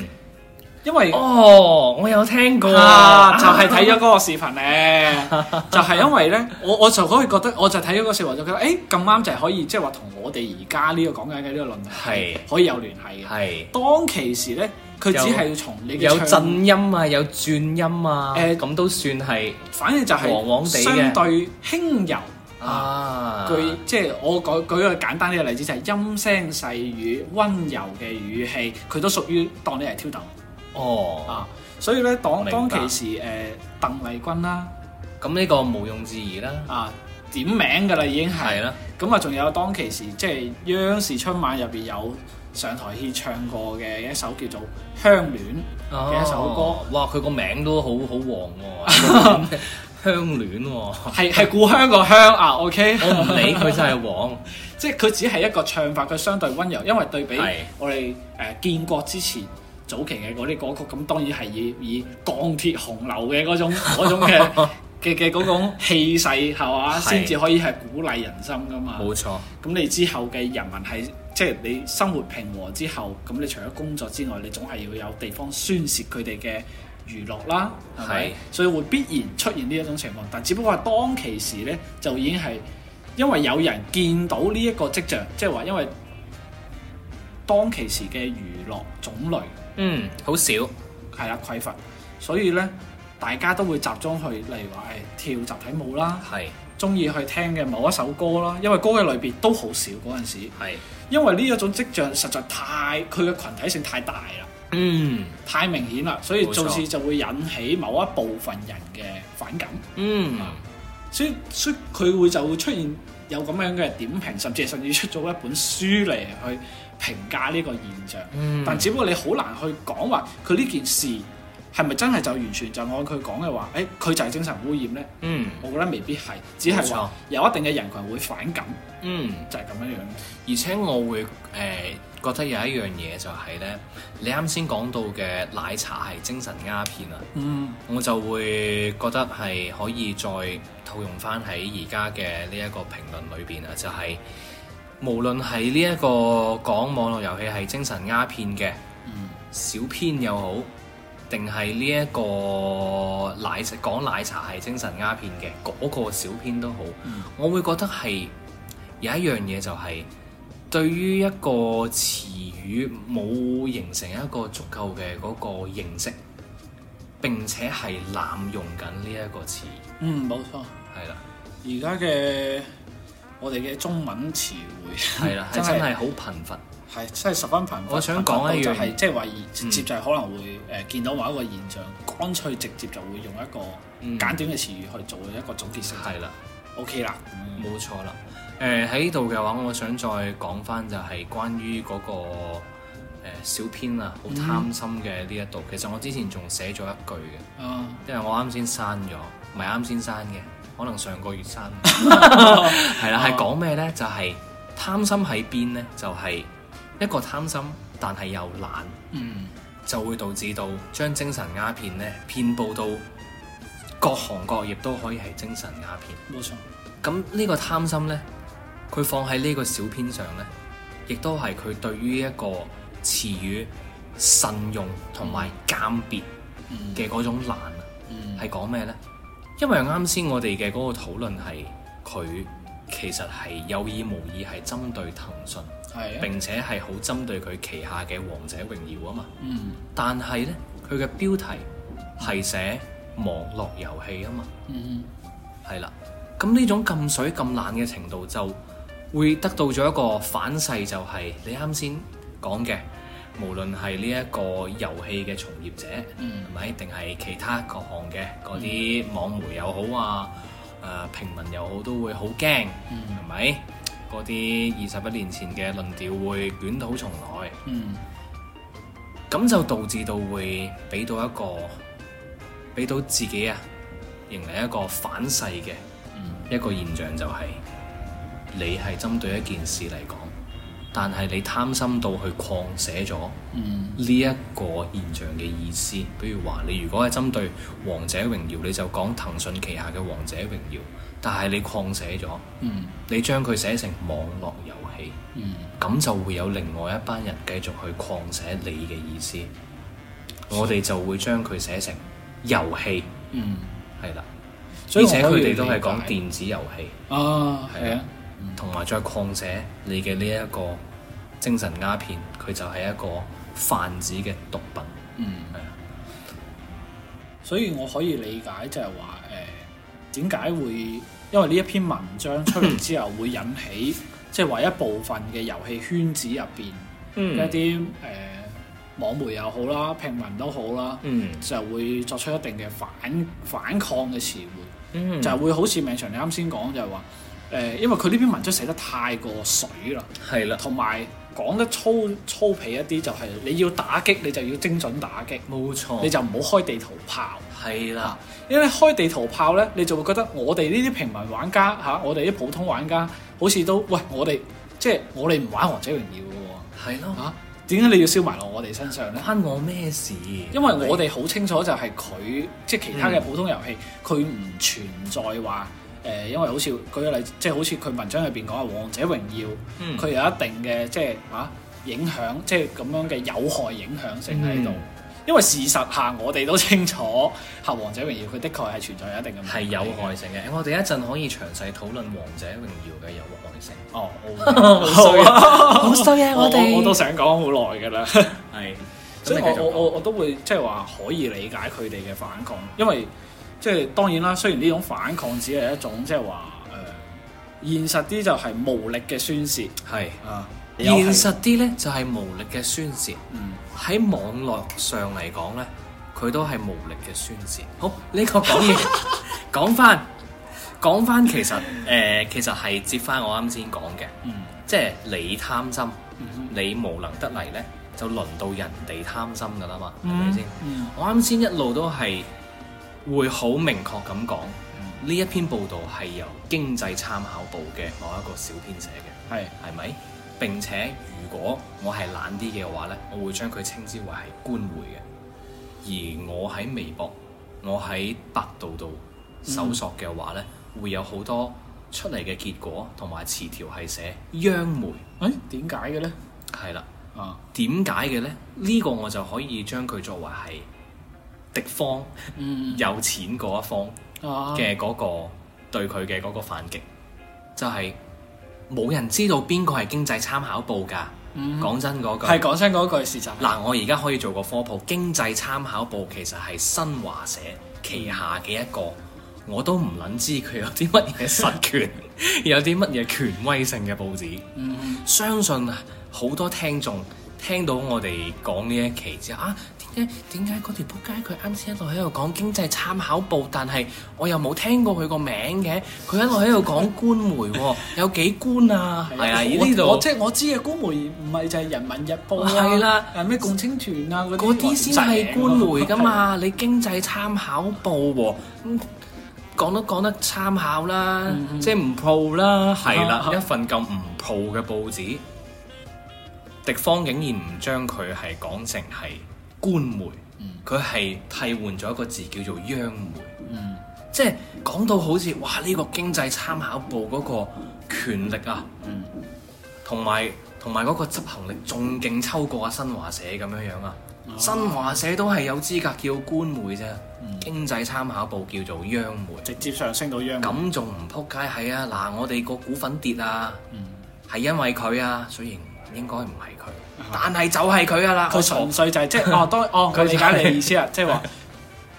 因為哦，我有聽過啊，啊就係睇咗嗰個視頻咧， 就係因為咧，我我就可以覺得，我就睇咗嗰視頻就覺得，誒咁啱就係可以，即係話同我哋而家呢個講緊嘅呢個論題係可以有聯繫嘅。係當其時咧，佢只係要從你嘅有震音啊，有轉音啊，誒咁都算係。反正就係黃相對輕柔啊。佢即係我舉舉一個簡單嘅例子，就係、是、音聲細語、温柔嘅語氣，佢都屬於當你係挑逗。哦，啊，所以咧，當當其時，誒，鄧麗君啦，咁呢個毋庸置疑啦，啊，點名噶啦，已經係，咁啊，仲有當其時，即係央視春晚入邊有上台去唱過嘅一首叫做《鄉戀》嘅一首歌，哇，佢個名都好好黃喎，《鄉戀》係係故鄉個鄉啊，OK，我唔理佢就係黃，即係佢只係一個唱法，佢相對溫柔，因為對比我哋誒建國之前。早期嘅嗰啲歌曲，咁當然係以以鋼鐵洪流嘅嗰種嗰種嘅嘅嘅種氣勢，係嘛先至可以係鼓勵人心噶嘛。冇錯錯，咁你之後嘅人民係即係你生活平和之後，咁你除咗工作之外，你總係要有地方宣泄佢哋嘅娛樂啦，係咪？是所以會必然出現呢一種情況，但只不過係當其時咧，就已經係因為有人見到呢一個迹象，即係話因為。當其時嘅娛樂種類，嗯，好少，係啦，匱乏，所以咧，大家都會集中去，例如話，係，跳集體舞啦，係是，中意去聽嘅某一首歌啦，因為歌嘅類別都好少嗰陣時，係是，因為呢一種跡象實在太，佢嘅群體性太大啦，嗯，太明顯啦，所以做事就會引起某一部分人嘅反感，嗯所，所以所佢會就會出現有咁樣嘅點評，甚至係甚至出咗一本書嚟去。評價呢個現象，嗯、但只不過你好難去講話佢呢件事係咪真係就完全就按佢講嘅話，誒、欸、佢就係精神污染呢？嗯，我覺得未必係，只係話有一定嘅人群會反感。嗯，就係咁樣樣。而且我會誒、呃、覺得有一樣嘢就係呢：你啱先講到嘅奶茶係精神鴉片啊。嗯，我就會覺得係可以再套用翻喺而家嘅呢一個評論裏邊啊，就係、是。無論係呢一個講網絡遊戲係精神鴉片嘅、嗯、小編又好，定係呢一個奶講奶茶係精神鴉片嘅嗰、那個小編都好，嗯、我會覺得係有一樣嘢就係、是、對於一個詞語冇形成一個足夠嘅嗰個認識，並且係濫用緊呢一個詞。嗯，冇錯。係啦了，而家嘅。我哋嘅中文詞彙係啦，的嗯、真係好貧乏，係的真係十分貧乏。我想講一樣，就係即係話直接就可能會誒、嗯呃、見到某一個現象，乾脆直接就會用一個簡短嘅詞語去做一個總結式。係啦，OK 啦，冇錯啦。誒喺呢度嘅話，我想再講翻就係關於嗰個小編啊，好貪心嘅呢一度。嗯、其實我之前仲寫咗一句嘅，嗯、因為我啱先刪咗，唔係啱先刪嘅。可能上個月生，係啦，係講咩呢？就係、是、貪心喺邊呢？就係、是、一個貪心，但係又懶，嗯，就會導致到將精神鴉片咧，遍佈到各行各業都可以係精神鴉片。冇錯。咁呢個貪心呢，佢放喺呢個小編上呢，亦都係佢對於一個詞語慎用同埋鑑別嘅嗰種懶、嗯，嗯，係講咩呢？因為啱先我哋嘅嗰個討論係佢其實係有意無意係針對騰訊，係的並且係好針對佢旗下嘅《王者榮耀》啊嘛、嗯。嗯，但係呢，佢嘅標題係寫網絡遊戲啊嘛。嗯，係啦。咁呢種咁水咁冷嘅程度，就會得到咗一個反噬、就係，就係你啱先講嘅。無論係呢一個遊戲嘅從業者，係咪定係其他各項嘅啲網媒又好啊，誒，評論又好，都會好驚，係咪、嗯？啲二十一年前嘅論調會捲土重來，咁、嗯、就導致到會俾到一個俾到自己啊，迎嚟一個反噬嘅一個現象、就是，就係你係針對一件事嚟講，但係你貪心到去擴寫咗呢一個現象嘅意思，比如話你如果係針對《王者榮耀》，你就講騰訊旗下嘅《王者榮耀》，但係你擴寫咗，mm. 你將佢寫成網絡遊戲，咁就會有另外一班人繼續去擴寫你嘅意思。我哋就會將佢寫成遊戲，嗯、mm. 的，係啦。而且佢哋都係講電子遊戲啊，係啊。同埋再擴寫你嘅呢一個精神鴉片，佢就係一個泛指嘅毒品。嗯，係啊，所以我可以理解就，就係話誒點解會，因為呢一篇文章出嚟之後，會引起即係話一部分嘅遊戲圈子入邊嘅一啲誒、呃、網媒又好啦、平民都好啦，嗯、就會作出一定嘅反反抗嘅詞彙，嗯、就係會好似命長你啱先講，就係話。誒，因為佢呢篇文章寫得太過水啦，係啦是的，同埋講得粗粗皮一啲就係、是，你要打擊你就要精準打擊，冇錯，你就唔好開地圖炮，係啦是的、啊，因為開地圖炮呢，你就會覺得我哋呢啲平民玩家嚇、啊，我哋啲普通玩家好似都喂，我哋即係我哋唔玩《王者榮耀》噶喎是的、啊，係咯，嚇點解你要燒埋落我哋身上呢？關我咩事？因為我哋好清楚就係佢即係其他嘅普通遊戲，佢唔、嗯、存在話。誒，因為好似舉個例子，即係好似佢文章入邊講啊，《王者榮耀》，佢、嗯、有一定嘅即係啊影響，即係咁樣嘅有害影響性喺度。嗯、因為事實下，我哋都清楚，吓《王者榮耀》佢的確係存在有一定嘅問題係有害性嘅。我哋一陣可以詳細討論《王者榮耀》嘅有害性。哦，好衰啊！好衰 啊！我哋我都想講好耐噶啦。係是，所以 我我我都會即係話可以理解佢哋嘅反抗，因為。即係當然啦，雖然呢種反抗只係一種即係話誒現實啲就係無力嘅宣泄，係、呃、啊，現實啲咧就係無力嘅宣泄。喺網絡上嚟講咧，佢都係無力嘅宣泄。好，呢、呢個講完講翻講翻，其實誒其實係接翻我啱先講嘅，即係、嗯、你貪心，你無能得嚟咧，就輪到人哋貪心噶啦嘛，係咪先？嗯、我啱先一路都係。會好明確咁講，呢一、嗯、篇報導係由經濟參考報嘅某一個小編寫嘅，係係咪？並且如果我係懶啲嘅話呢，我會將佢稱之為係官媒嘅。而我喺微博、我喺百度度搜索嘅話呢，嗯、哼會有好多出嚟嘅結果同埋詞條係寫央媒。誒點解嘅呢？係啦了，啊點解嘅呢？呢、這個我就可以將佢作為係。敵方、嗯、有錢嗰一方嘅嗰個對佢嘅嗰個反擊，啊、就係、是、冇人知道邊個係經濟參考報噶。講、嗯、真嗰句係講真嗰句事實、就是。嗱，我而家可以做個科普，經濟參考報其實係新華社旗下嘅一個，我都唔撚知佢有啲乜嘢實權，嗯、 有啲乜嘢權威性嘅報紙。嗯、相信好多聽眾聽到我哋講呢一期之後啊～點解嗰條撲街佢啱先一路喺度講經濟參考報，但係我又冇聽過佢個名嘅。佢一路喺度講官媒喎，有幾官啊？係啊，呢度即係我知啊，官媒唔係就係人民日報啦。係啦，咩共青團啊嗰啲先係官媒噶嘛？你經濟參考報喎，講都講得參考啦，即係唔 pro 啦，係啦，一份咁唔 pro 嘅報紙，敵方竟然唔將佢係講成係，官媒，佢係替換咗一個字叫做央媒，嗯、即係講到好似哇呢、呢個經濟參考報嗰個權力啊，同埋同埋嗰個執行力仲勁抽過啊新華社咁樣樣啊，哦、新華社都係有資格叫官媒啫，嗯、經濟參考報叫做央媒，直接上升到央，咁仲唔撲街？係啊，嗱我哋個股份跌啊，係、嗯、因為佢啊，雖然應該唔係佢。但係就係佢噶啦，佢、嗯、純粹就係即係哦，當哦，佢理解你意思呀，即係話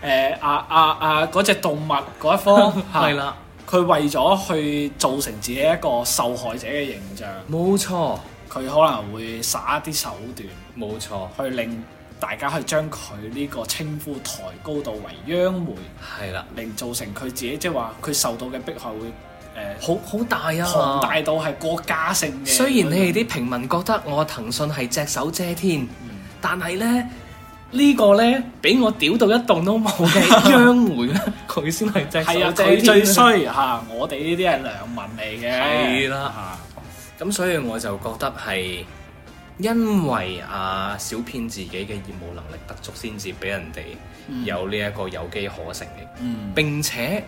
誒，啊啊啊嗰隻、啊、動物嗰一方係啦，佢 對了 為咗去造成自己一個受害者嘅形象，冇沒錯，佢可能會耍一啲手段，冇沒錯，去令大家去將佢呢個稱呼抬高到為央媒，係啦，令造成佢自己即係話佢受到嘅迫害會。誒，好好大啊！龐大到係國家性嘅。雖然你哋啲平民覺得我騰訊係隻手遮天，但係咧呢個咧俾我屌到一動都冇嘅央媒，佢先係隻手遮天，佢最衰吓。我哋呢啲係良民嚟嘅。係啦，咁所以我就覺得係因為啊，小編自己嘅業務能力不足，先至俾人哋有呢一個有機可乘嘅。嗯，並且。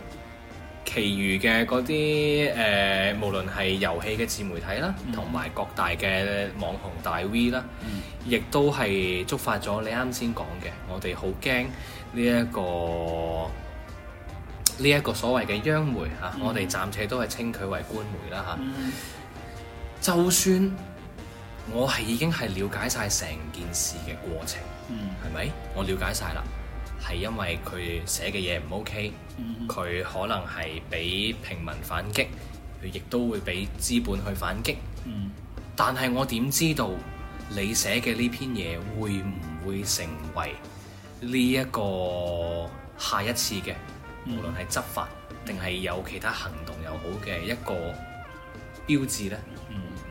其餘嘅嗰啲誒，無論係遊戲嘅自媒體啦，同埋、mm hmm. 各大嘅網紅大 V 啦、mm，hmm. 亦都係觸發咗你啱先講嘅，我哋好驚呢一個呢一個所謂嘅央媒嚇、mm hmm. 啊，我哋暫且都係稱佢為官媒啦嚇。啊 mm hmm. 就算我係已經係了解晒成件事嘅過程，係咪、mm hmm.？我了解晒啦。係因為佢寫嘅嘢唔 OK，佢可能係俾平民反擊，佢亦都會俾資本去反擊。但係我點知道你寫嘅呢篇嘢會唔會成為呢一個下一次嘅，無論係執法定係有其他行動又好嘅一個標誌呢？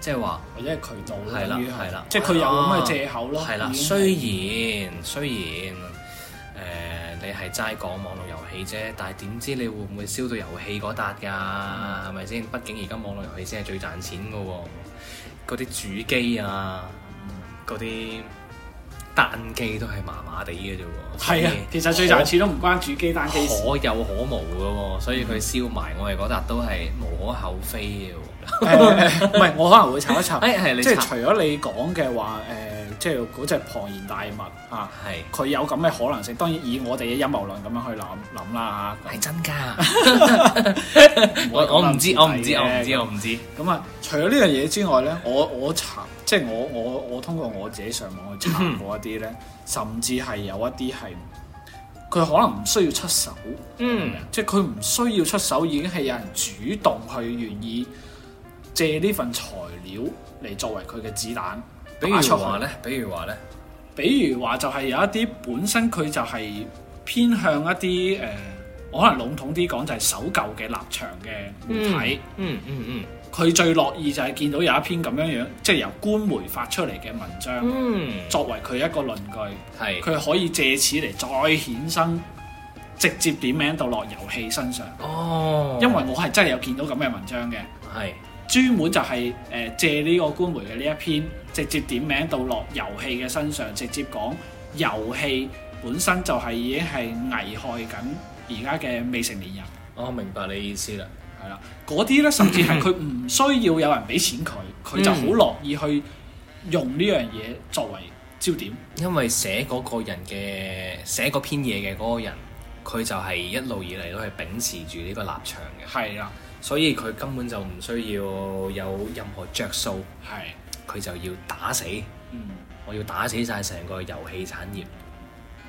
即係話或者係渠道咯，係啦，係啦，即係佢有咁嘅借口咯。係啦，雖然雖然。誒、呃，你係齋講網絡遊戲啫，但係點知你會唔會燒到遊戲嗰笪噶？係咪先？畢竟而家網絡遊戲先係最賺錢嘅喎、哦，嗰啲主機啊，嗰啲、嗯、單機都係麻麻地嘅啫喎。係、嗯、以啊，其實最賺錢都唔關主機單機事。可有可無嘅喎、哦，所以佢燒埋我哋嗰笪都係無可厚非嘅。唔係，我可能會查一查。誒，即係除咗你講嘅話，誒、uh,。即係嗰隻龐然大物啊！係佢是有咁嘅可能性，當然以我哋嘅陰謀論咁樣去諗諗啦嚇。係真㗎！我我唔知，我唔知，我唔知，我唔知。咁啊，除咗呢樣嘢之外咧，我我查，即係我我我，我通過我自己上網去查過一啲咧，嗯、甚至係有一啲係佢可能唔需要出手，嗯，即係佢唔需要出手，已經係有人主動去願意借呢份材料嚟作為佢嘅子彈。比如話咧，比如話咧，比如話就係有一啲本身佢就係偏向一啲誒、呃，我可能籠統啲講就係守舊嘅立場嘅媒體，嗯嗯嗯，佢、嗯嗯嗯、最樂意就係見到有一篇咁樣樣，即、就、係、是、由官媒發出嚟嘅文章，嗯、作為佢一個論據，係佢、嗯、可以借此嚟再衍生，直接點名到落遊戲身上，哦、嗯，嗯嗯、因為我係真係有見到咁嘅文章嘅，係、嗯嗯、專門就係誒借呢個官媒嘅呢一篇。直接點名到落遊戲嘅身上，直接講遊戲本身就係已經係危害緊而家嘅未成年人。我、哦、明白你意思啦，係啦，嗰啲咧甚至係佢唔需要有人俾錢佢，佢、嗯、就好樂意去用呢樣嘢作為焦點，因為寫嗰個人嘅寫嗰篇嘢嘅嗰個人，佢就係一路以嚟都係秉持住呢個立場嘅，係啦的，所以佢根本就唔需要有任何著數，係。佢就要打死，嗯、我要打死晒成個遊戲產業，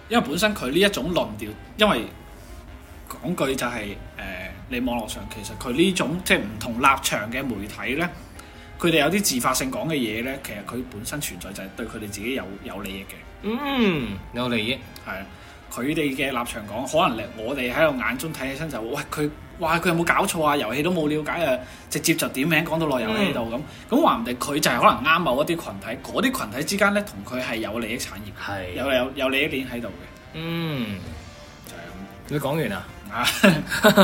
因為本身佢呢一種論調，因為講句就係、是，誒、呃，你網絡上其實佢呢種即係唔同立場嘅媒體呢，佢哋有啲自發性講嘅嘢呢，其實佢本身存在就係對佢哋自己有有利益嘅，嗯，有利益係，佢哋嘅立場講，可能我哋喺個眼中睇起身就，喂，佢。話佢有冇搞錯啊？遊戲都冇了解啊，直接就點名講到落遊戲度咁。咁話唔定佢就係可能啱某一啲群體，嗰啲群體之間咧，同佢係有利益產業，嗯、有有有利益點喺度嘅。嗯，就係咁。嗯、你講完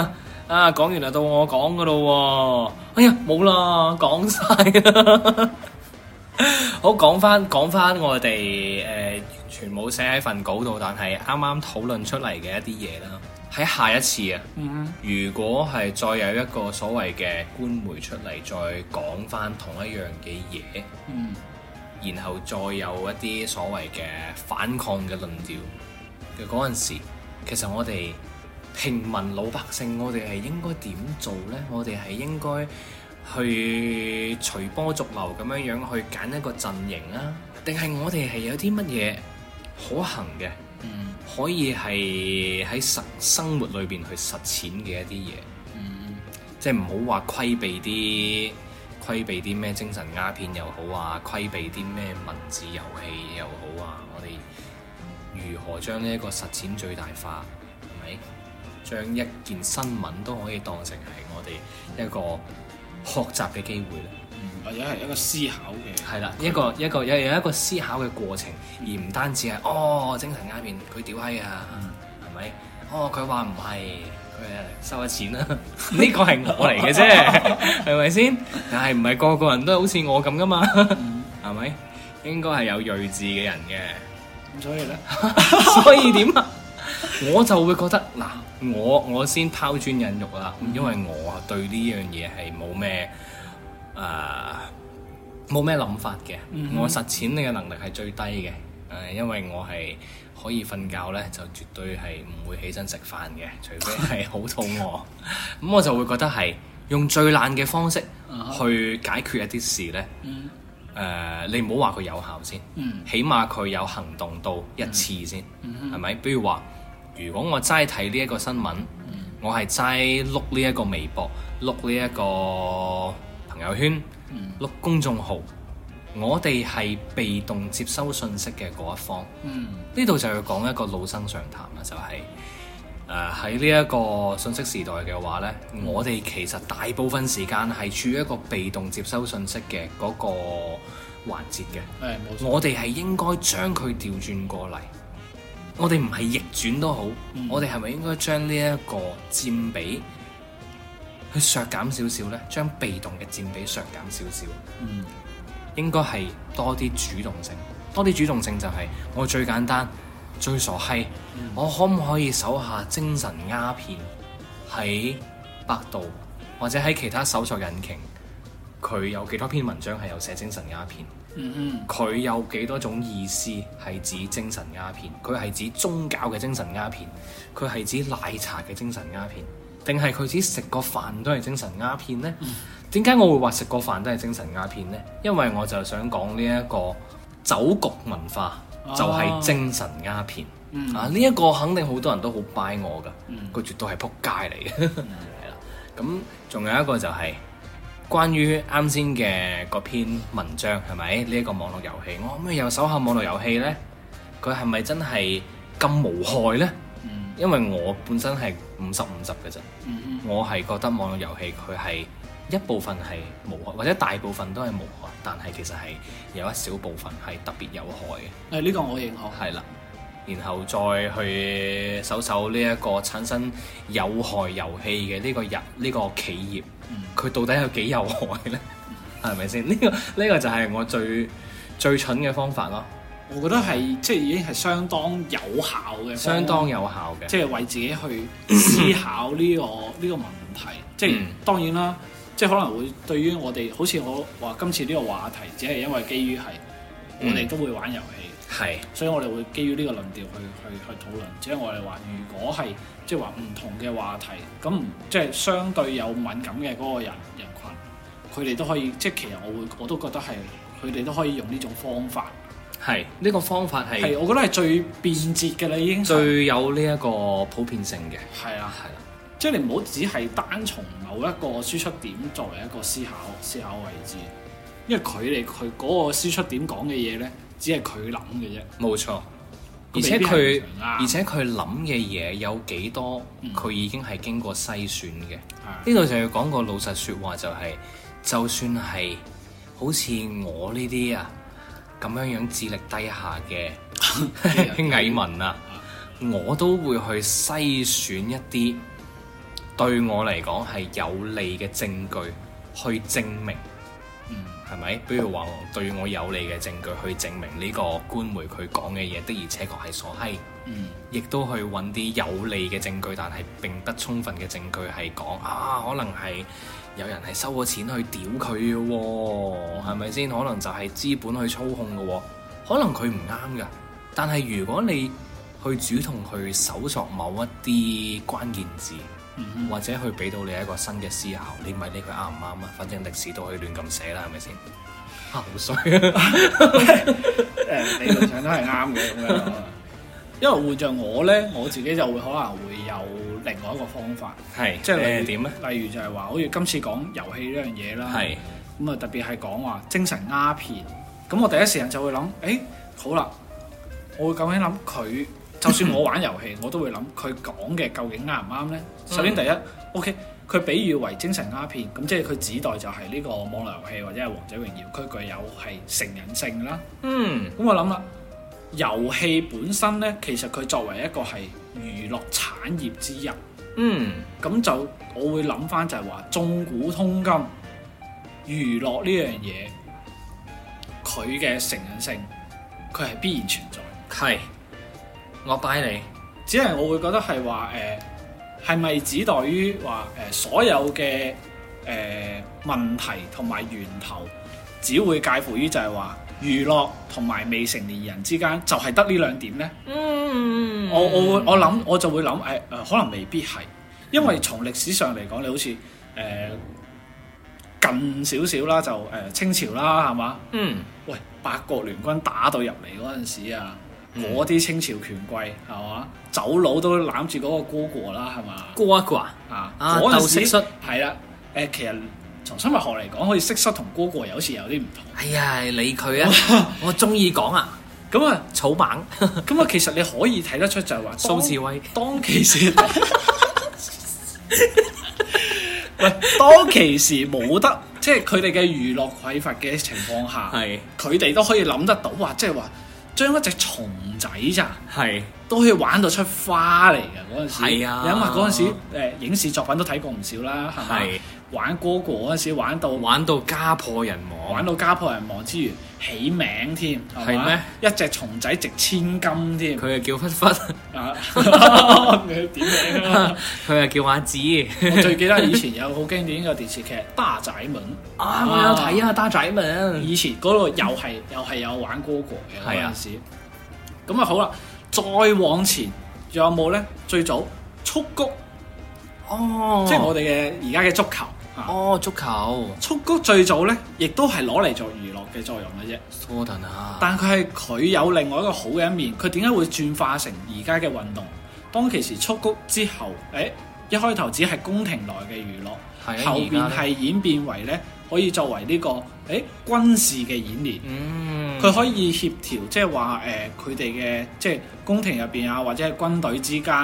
啦？ 啊，講完啦，到我講噶咯。哎呀，冇啦，講晒啦。 好，講翻講翻我哋誒，呃、完全冇寫喺份稿度，但係啱啱討論出嚟嘅一啲嘢啦。喺下一次啊，mm. 如果係再有一個所謂嘅官媒出嚟再講返同一樣嘅嘢，嗯，mm. 然後再有一啲所謂嘅反抗嘅論調嘅嗰陣時，其實我哋平民老百姓，我哋係應該點做呢？我哋係應該去隨波逐流咁樣樣去揀一個陣營啊？定係我哋係有啲乜嘢可行嘅？嗯，可以係喺實生活裏邊去實踐嘅一啲嘢，嗯，即係唔好話規避啲，規避啲咩精神鴉片又好啊，規避啲咩文字遊戲又好啊。我哋如何將呢一個實踐最大化？係咪將一件新聞都可以當成係我哋一個學習嘅機會咧？或者係一個思考嘅係啦，一個一個有有一個思考嘅過程，而唔單止係哦，精神鴉片佢屌閪啊，係咪、嗯？哦，佢話唔係，佢收咗錢啦。呢個係我嚟嘅啫，係咪先？但係唔係個個人都好似我咁噶嘛，係咪、嗯？應該係有睿智嘅人嘅。咁所以咧， 所以點啊？ 我就會覺得嗱，我我先拋磚引玉啦，因為我對呢樣嘢係冇咩。啊，冇咩諗法嘅，mm hmm. 我實踐你嘅能力係最低嘅。誒，因為我係可以瞓覺咧，就絕對係唔會起身食飯嘅，除非係好肚餓，咁 我就會覺得係用最懶嘅方式去解決一啲事咧。誒、mm，hmm. uh, 你唔好話佢有效先，mm hmm. 起碼佢有行動到一次先，係咪、mm hmm.？比如話，如果我齋睇呢一個新聞，mm hmm. 我係齋碌呢一個微博，碌呢一個。朋友圈，碌、嗯、公眾號，我哋係被動接收信息嘅嗰一方。呢度、嗯、就要講一個老生常談啦，就係誒喺呢一個信息時代嘅話呢、嗯、我哋其實大部分時間係處於一個被動接收信息嘅嗰個環節嘅。我哋係應該將佢調轉過嚟，我哋唔係逆轉都好，嗯、我哋係咪應該將呢一個佔比？去削減少少咧，將被動嘅佔比削減少少，嗯，應該係多啲主動性，多啲主動性就係、係、我最簡單、最傻閪，嗯、我可唔可以搜下精神鴉片喺百度或者喺其他搜索引擎？佢有幾多篇文章係有寫精神鴉片？嗯哼、嗯，佢有幾多種意思係指精神鴉片？佢係指宗教嘅精神鴉片，佢係指奶茶嘅精神鴉片。定係佢只食個飯都係精神鴉片呢？點解、嗯、我會話食個飯都係精神鴉片呢？因為我就想講呢一個酒局文化就係精神鴉片、哦嗯、啊！呢、這、一個肯定好多人都好拜我噶，佢、嗯、絕對係仆街嚟嘅， 係啦。咁仲有一個就係關於啱先嘅嗰篇文章係咪呢一個網絡遊戲？我咪又搜下網絡遊戲呢？佢係咪真係咁無害呢？因為我本身係五十五十嘅啫，嗯、哼我係覺得網絡遊戲佢係一部分係無害，或者大部分都係無害，但係其實係有一小部分係特別有害嘅。誒、嗯，呢個我認可。係啦，然後再去搜搜呢一個產生有害遊戲嘅呢個人呢、這個企業，佢、嗯、到底有幾有害呢？係咪先？呢、這個呢、這個就係我最最蠢嘅方法咯。我覺得係即係已經係相當有效嘅，相當有效嘅，即係為自己去思考呢、呢個呢 個問題。即係、嗯、當然啦，即係可能會對於我哋好似我話今次呢個話題，只係因為基於係我哋都會玩遊戲，係，嗯、所以我哋會基於呢個論調去去去，去討論。只係我哋話，如果係即係話唔同嘅話題，咁即係相對有敏感嘅嗰個人人群，佢哋都可以即係其實我會我都覺得係佢哋都可以用呢種方法。係呢、這個方法係，係我覺得係最便捷嘅啦，已經係最有呢一個普遍性嘅。係啦，係啦，即係你唔好只係單從某一個輸出點作為一個思考思考位置，因為佢哋佢嗰個輸出點講嘅嘢咧，只係佢諗嘅啫。冇錯錯、啊，而且佢而且佢諗嘅嘢有幾多，佢已經係經過篩選嘅。呢度、嗯、就要講個老實説話、就是，就係就算係好似我呢啲啊。咁樣樣智力低下嘅偽 文啊，我都會去篩選一啲對我嚟講係有利嘅證據去證明，嗯，係咪？比如話我對我有利嘅證據去證明呢個官媒佢講嘅嘢的，的而且確係傻閪，嗯，亦都去揾啲有利嘅證據，但係並不充分嘅證據係講啊，可能係。有人係收咗錢去屌佢嘅喎，係咪先？可能就係資本去操控嘅喎、哦，可能佢唔啱嘅。但係如果你去主動去搜索某一啲關鍵字，嗯嗯或者去俾到你一個新嘅思考，你咪理佢啱唔啱啊？反正歷史都可以亂咁寫啦，係咪先？嚇，好衰啊！誒，理論上都係啱嘅咁樣， 因為換着我咧，我自己就會可能會有。另外一個方法係，是即係例如點咧、呃？例如就係話，好似今次講遊戲呢樣嘢啦，咁啊是特別係講話精神鴉片。咁我第一時間就會諗，誒、欸、好啦，我會究竟諗佢。就算我玩遊戲， 我都會諗佢講嘅究竟啱唔啱咧。首先、嗯、第一，OK，佢比喻為精神鴉片，咁即係佢指代就係呢個網絡遊戲或者係王者榮耀區，佢具有係成癮性啦。嗯，咁我諗啦，遊戲本身咧，其實佢作為一個係。娛樂產業之一，嗯，咁就我會諗返就係話中古通金娛樂呢樣嘢，佢嘅成癮性，佢係必然存在。係，我 buy 你，只係我會覺得係話誒，係、呃、咪指代於話誒所有嘅誒、呃、問題同埋源頭，只會介乎於就係話。娛樂同埋未成年人之間就係得呢兩點咧。嗯，我我會我諗我就會諗誒誒，可能未必係，因為從歷史上嚟講，你好似誒、呃、近少少啦，就、呃、誒清朝啦，係嘛？嗯。喂，八國聯軍打到入嚟嗰陣時啊，嗰啲、嗯、清朝權貴係嘛，嗯、走佬都攬住嗰個哥哥啦，係嘛？哥一個啊？啊，嗰陣時係啦。誒、啊，了其實。從生物學嚟講，可以蟋蟀同蟈蟈有時有啲唔同。哎呀，理佢啊， 我中意講啊。咁啊，草蜢。咁啊，其實你可以睇得出就係話，蘇志威當其時， 喂，當其時冇得，即係佢哋嘅娛樂匱乏嘅情況下，係是，佢哋都可以諗得到話，即係話將一隻蟲仔咋，係。都可以玩到出花嚟嘅嗰陣時，係啊，你諗下嗰陣時誒，影視作品都睇過唔少啦，係咪玩歌國嗰陣時玩到玩到家破人亡，玩到家破人亡之餘起名添，係咩？一隻蟲仔值千金添，佢係叫忽忽啊！點名佢係叫阿紫。最記得以前有好經典嘅電視劇《巴仔門》，啊，我有睇啊，《巴仔門》。以前嗰度又係又係有玩歌國嘅嗰陣時，咁啊好啦。再往前，仲有冇呢？最早蹴鞠，哦，oh, 即係我哋嘅而家嘅足球，哦，oh, 足球，蹴鞠最早呢，亦都係攞嚟做娛樂嘅作用嘅啫。但佢係佢有另外一個好嘅一面，佢點解會轉化成而家嘅運動？當其時蹴鞠之後，誒、哎，一開頭只係宮廷內嘅娛樂，的後邊係演變為呢。可以作為呢、這個誒、欸、軍事嘅演練，佢、嗯、可以協調，即係話誒佢哋嘅即係宮廷入邊啊，或者係軍隊之間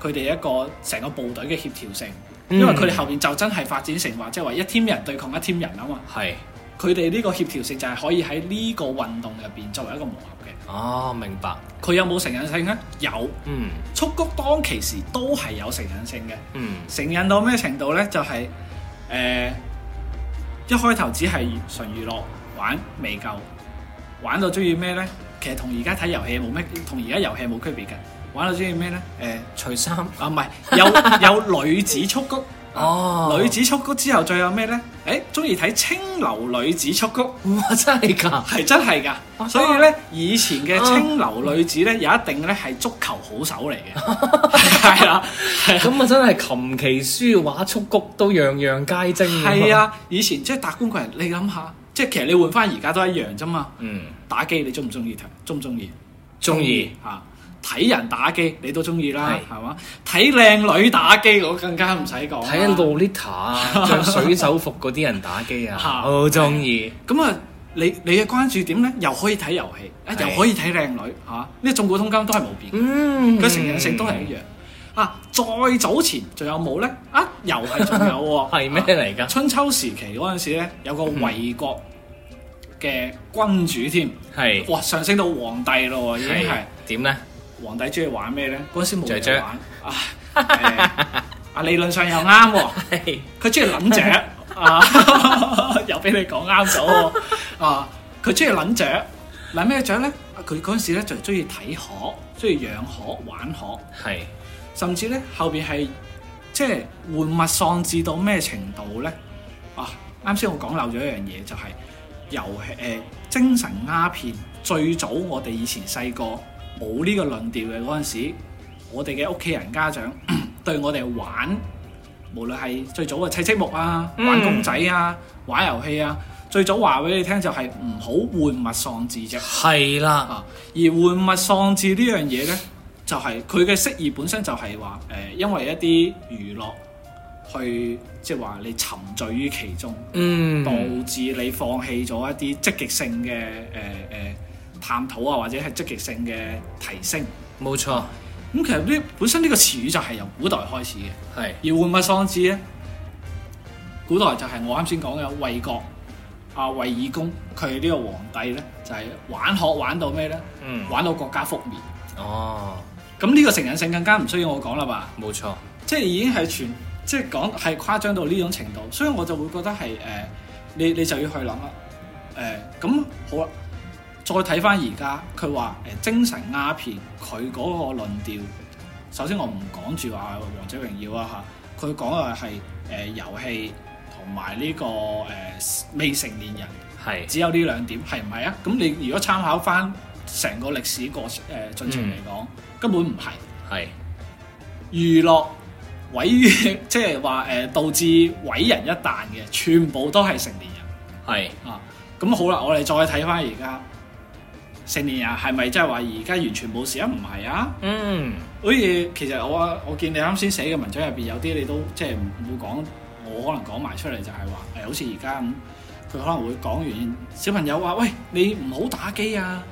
佢哋一個成個部隊嘅協調性，嗯、因為佢哋後邊就真係發展成話，即係話一 team 人對抗一 team 人啊嘛。係佢哋呢個協調性就係可以喺呢個運動入邊作為一個磨合嘅。哦，明白。佢有冇成人性咧？有。嗯。蹴鞠當其時都係有成人性嘅。嗯。成人到咩程度呢？就係、是、誒。呃一開頭只係純娛樂玩未夠，玩到中意咩咧？其實同而家睇遊戲冇咩，同而家遊戲冇區別嘅。玩到中意咩咧？誒、呃，除衫啊，唔係 有有女子速局。哦，啊、女子蹴鞠之後再有咩呢？誒，中意睇青樓女子蹴鞠，哇、啊，真係噶，係真係噶。啊、所以呢，以前嘅青樓女子呢，啊、有一定呢係足球好手嚟嘅，係啦，咁啊，真係琴棋書畫蹴鞠都樣樣皆精、啊。係啊，以前即係達官貴人，你諗下，即係其實你換翻而家都一樣啫嘛。嗯，打機你中唔中意睇？中唔中意？中意啊！睇人打機，你都中意啦，係嘛？睇靚女打機，我更加唔使講。睇《洛麗塔》着水手服嗰啲人打機啊，好中意。咁啊，你你嘅關注點咧，又可以睇遊戲，啊，又可以睇靚女，嚇，呢種古通今都係冇變。嗯，佢成人性都係一樣。啊，再早前仲有冇咧？啊，又係仲有喎。係咩嚟㗎？春秋時期嗰陣時咧，有個衛國嘅君主添。係。哇！上升到皇帝咯，已經係。點咧？皇帝中意玩咩咧？嗰陣時冇嘢玩。啊，理論上又啱。佢中意撚雀，又俾你講啱咗。啊，佢中意撚雀，撚咩雀咧？佢嗰陣時咧就中意睇鶴，中意養鶴，玩鶴，係。甚至咧後邊係即係玩物喪志到咩程度咧？啊，啱先我講漏咗一樣嘢就係遊戲，誒，精神，神鴉片。最早我哋以前細個。冇呢個論調嘅嗰陣時，我哋嘅屋企人、家長 對我哋玩，無論係最早嘅砌積木啊、嗯、玩公仔啊、玩遊戲啊，最早話俾你聽就係唔好玩物喪志啫。係啦，啊、而玩物喪志呢樣嘢呢，就係佢嘅釋義本身就係話誒，因為一啲娛樂去即係話你沉醉於其中，嗯、導致你放棄咗一啲積極性嘅誒誒。呃呃呃探討啊，或者係積極性嘅提升錯，冇錯。咁其實呢，本身呢個詞語就係由古代開始嘅，係是而玩物喪志咧，古代就係我啱先講嘅衛國阿衛懿公，佢呢個皇帝咧就係、是、玩學玩到咩咧，嗯、玩到國家覆滅。哦，咁呢個成癮性更加唔需要我講啦吧？冇錯錯，即係已經係全，即係講係誇張到呢種程度，所以我就會覺得係誒、呃，你你就要去諗啦，誒、呃，咁好啦。呃嗯嗯再睇翻而家，佢話誒精神鴉片，佢嗰個論調，首先我唔講住話王者榮耀啊吓，佢講嘅係誒遊戲同埋呢個誒、呃、未成年人係，是只有呢兩點係唔係啊？咁你如果參考翻成個歷史過誒進、呃、程嚟講，嗯、根本唔係係，娛樂毀於即係話誒導致毀人一彈嘅，全部都係成年人係是啊。咁好啦，我哋再睇翻而家。成年人係咪真係話而家完全冇事啊？唔係啊，嗯，好似其實我啊，我見你啱先寫嘅文章入邊有啲你都即係冇講，我可能講埋出嚟就係話，誒好似而家咁，佢可能會講完小朋友話，喂，你唔好打機啊！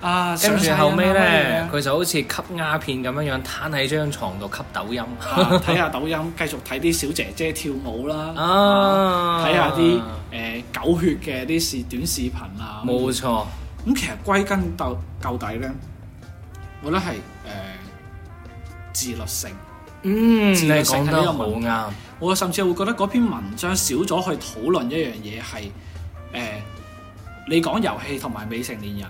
啊，跟住、啊、後尾咧，佢、啊、就好似吸鴉片咁樣樣，攤喺張床度吸抖音，睇 下、啊、抖音，繼續睇啲小姐姐跳舞啦，啊，睇下啲誒狗血嘅啲視短視頻啊，冇、嗯、錯。咁其實歸根到究底咧，我覺得係誒、呃、自律性。嗯，你講得冇啱。的我甚至會覺得嗰篇文章少咗去討論一樣嘢係誒，你講遊戲同埋未成年人，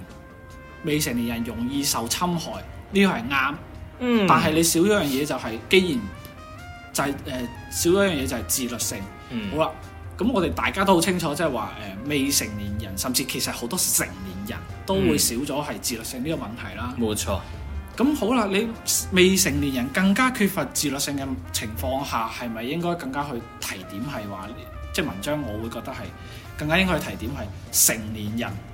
未成年人容易受侵害呢個係啱。嗯。但係你少咗樣嘢就係、是，既然就係、是、誒、呃、少咗樣嘢就係自律性。嗯、好啦。咁我哋大家都好清楚，即係話誒未成年人，甚至其實好多成年人都會少咗係自律性呢個問題啦。冇錯，嗯。咁好啦，你未成年人更加缺乏自律性嘅情況下，係咪應該更加去提點？係話，即係文章，我會覺得係更加應該去提點係成年人。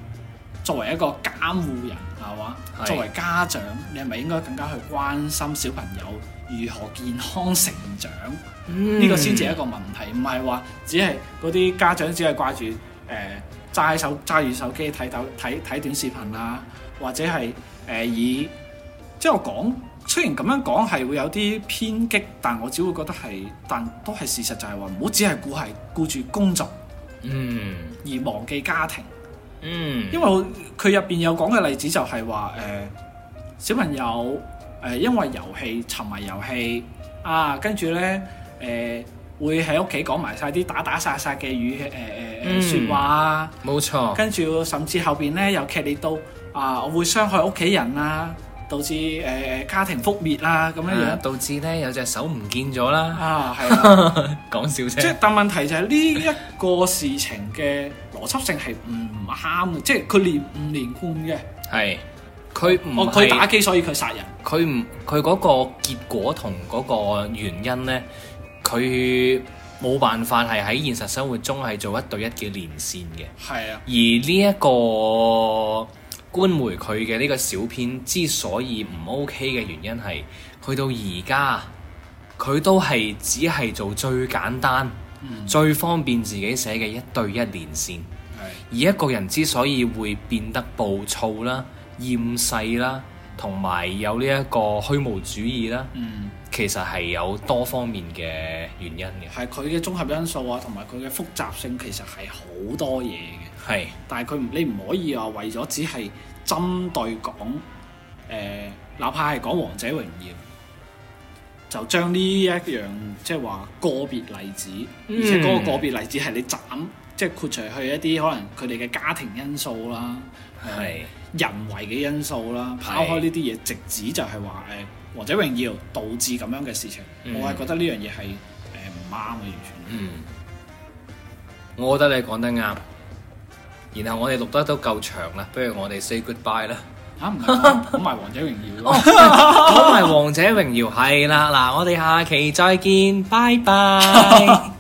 作為一個監護人係嘛，是作為家長，你係咪應該更加去關心小朋友如何健康成長？呢、嗯、個先至係一個問題，唔係話只係嗰啲家長只係掛住誒揸喺手揸住手機睇睇睇短視頻啊，或者係誒、呃、以即係我講，雖然咁樣講係會有啲偏激，但我只會覺得係，但都係事實就係話唔好只係顧係顧住工作，嗯，而忘記家庭。嗯、呃呃，因為佢入邊有講嘅例子就係話，誒小朋友誒因為遊戲沉迷遊戲啊，跟住咧誒會喺屋企講埋晒啲打打殺殺嘅語誒誒説話啊，冇錯、嗯，錯跟住甚至後邊咧又劇烈到啊，我會傷害屋企人啊。導致誒、呃、家庭覆滅啦、啊，咁樣樣、啊、導致咧有隻手唔見咗啦。啊，係、啊、 講笑啫。即但問題就係呢一個事情嘅邏輯性係唔啱，即係佢連唔連貫嘅。係，佢唔佢打機，所以佢殺人。佢唔佢嗰個結果同嗰個原因咧，佢冇辦法係喺現實生活中係做一對一嘅連線嘅。係啊，而呢、這、一個。官媒佢嘅呢個小片之所以唔 OK 嘅原因係去到而家佢都係只係做最簡單、嗯、最方便自己寫嘅一對一連線。是而一個人之所以會變得暴躁啦、厭世啦，同埋有呢一個虛無主義啦，嗯、其實係有多方面嘅原因嘅。係佢嘅綜合因素啊，同埋佢嘅複雜性其實係好多嘢嘅。係，是但係佢你唔可以話為咗只係針對講，誒、呃，哪怕係講王者榮耀，就將呢一樣即係話個別例子，嗯、而且嗰個個別例子係你斬，即係括除去一啲可能佢哋嘅家庭因素啦，係、呃、是人為嘅因素啦，拋開呢啲嘢，直指就係話誒王者榮耀導致咁樣嘅事情，嗯、我係覺得呢樣嘢係誒唔啱嘅完全。嗯，我覺得你講得啱。然後我哋錄得都夠長啦，不如我哋 say goodbye 啦。啱唔啱？講埋 王者榮， 榮耀，講埋 王者榮耀係啦。嗱，我哋下期再見，拜拜。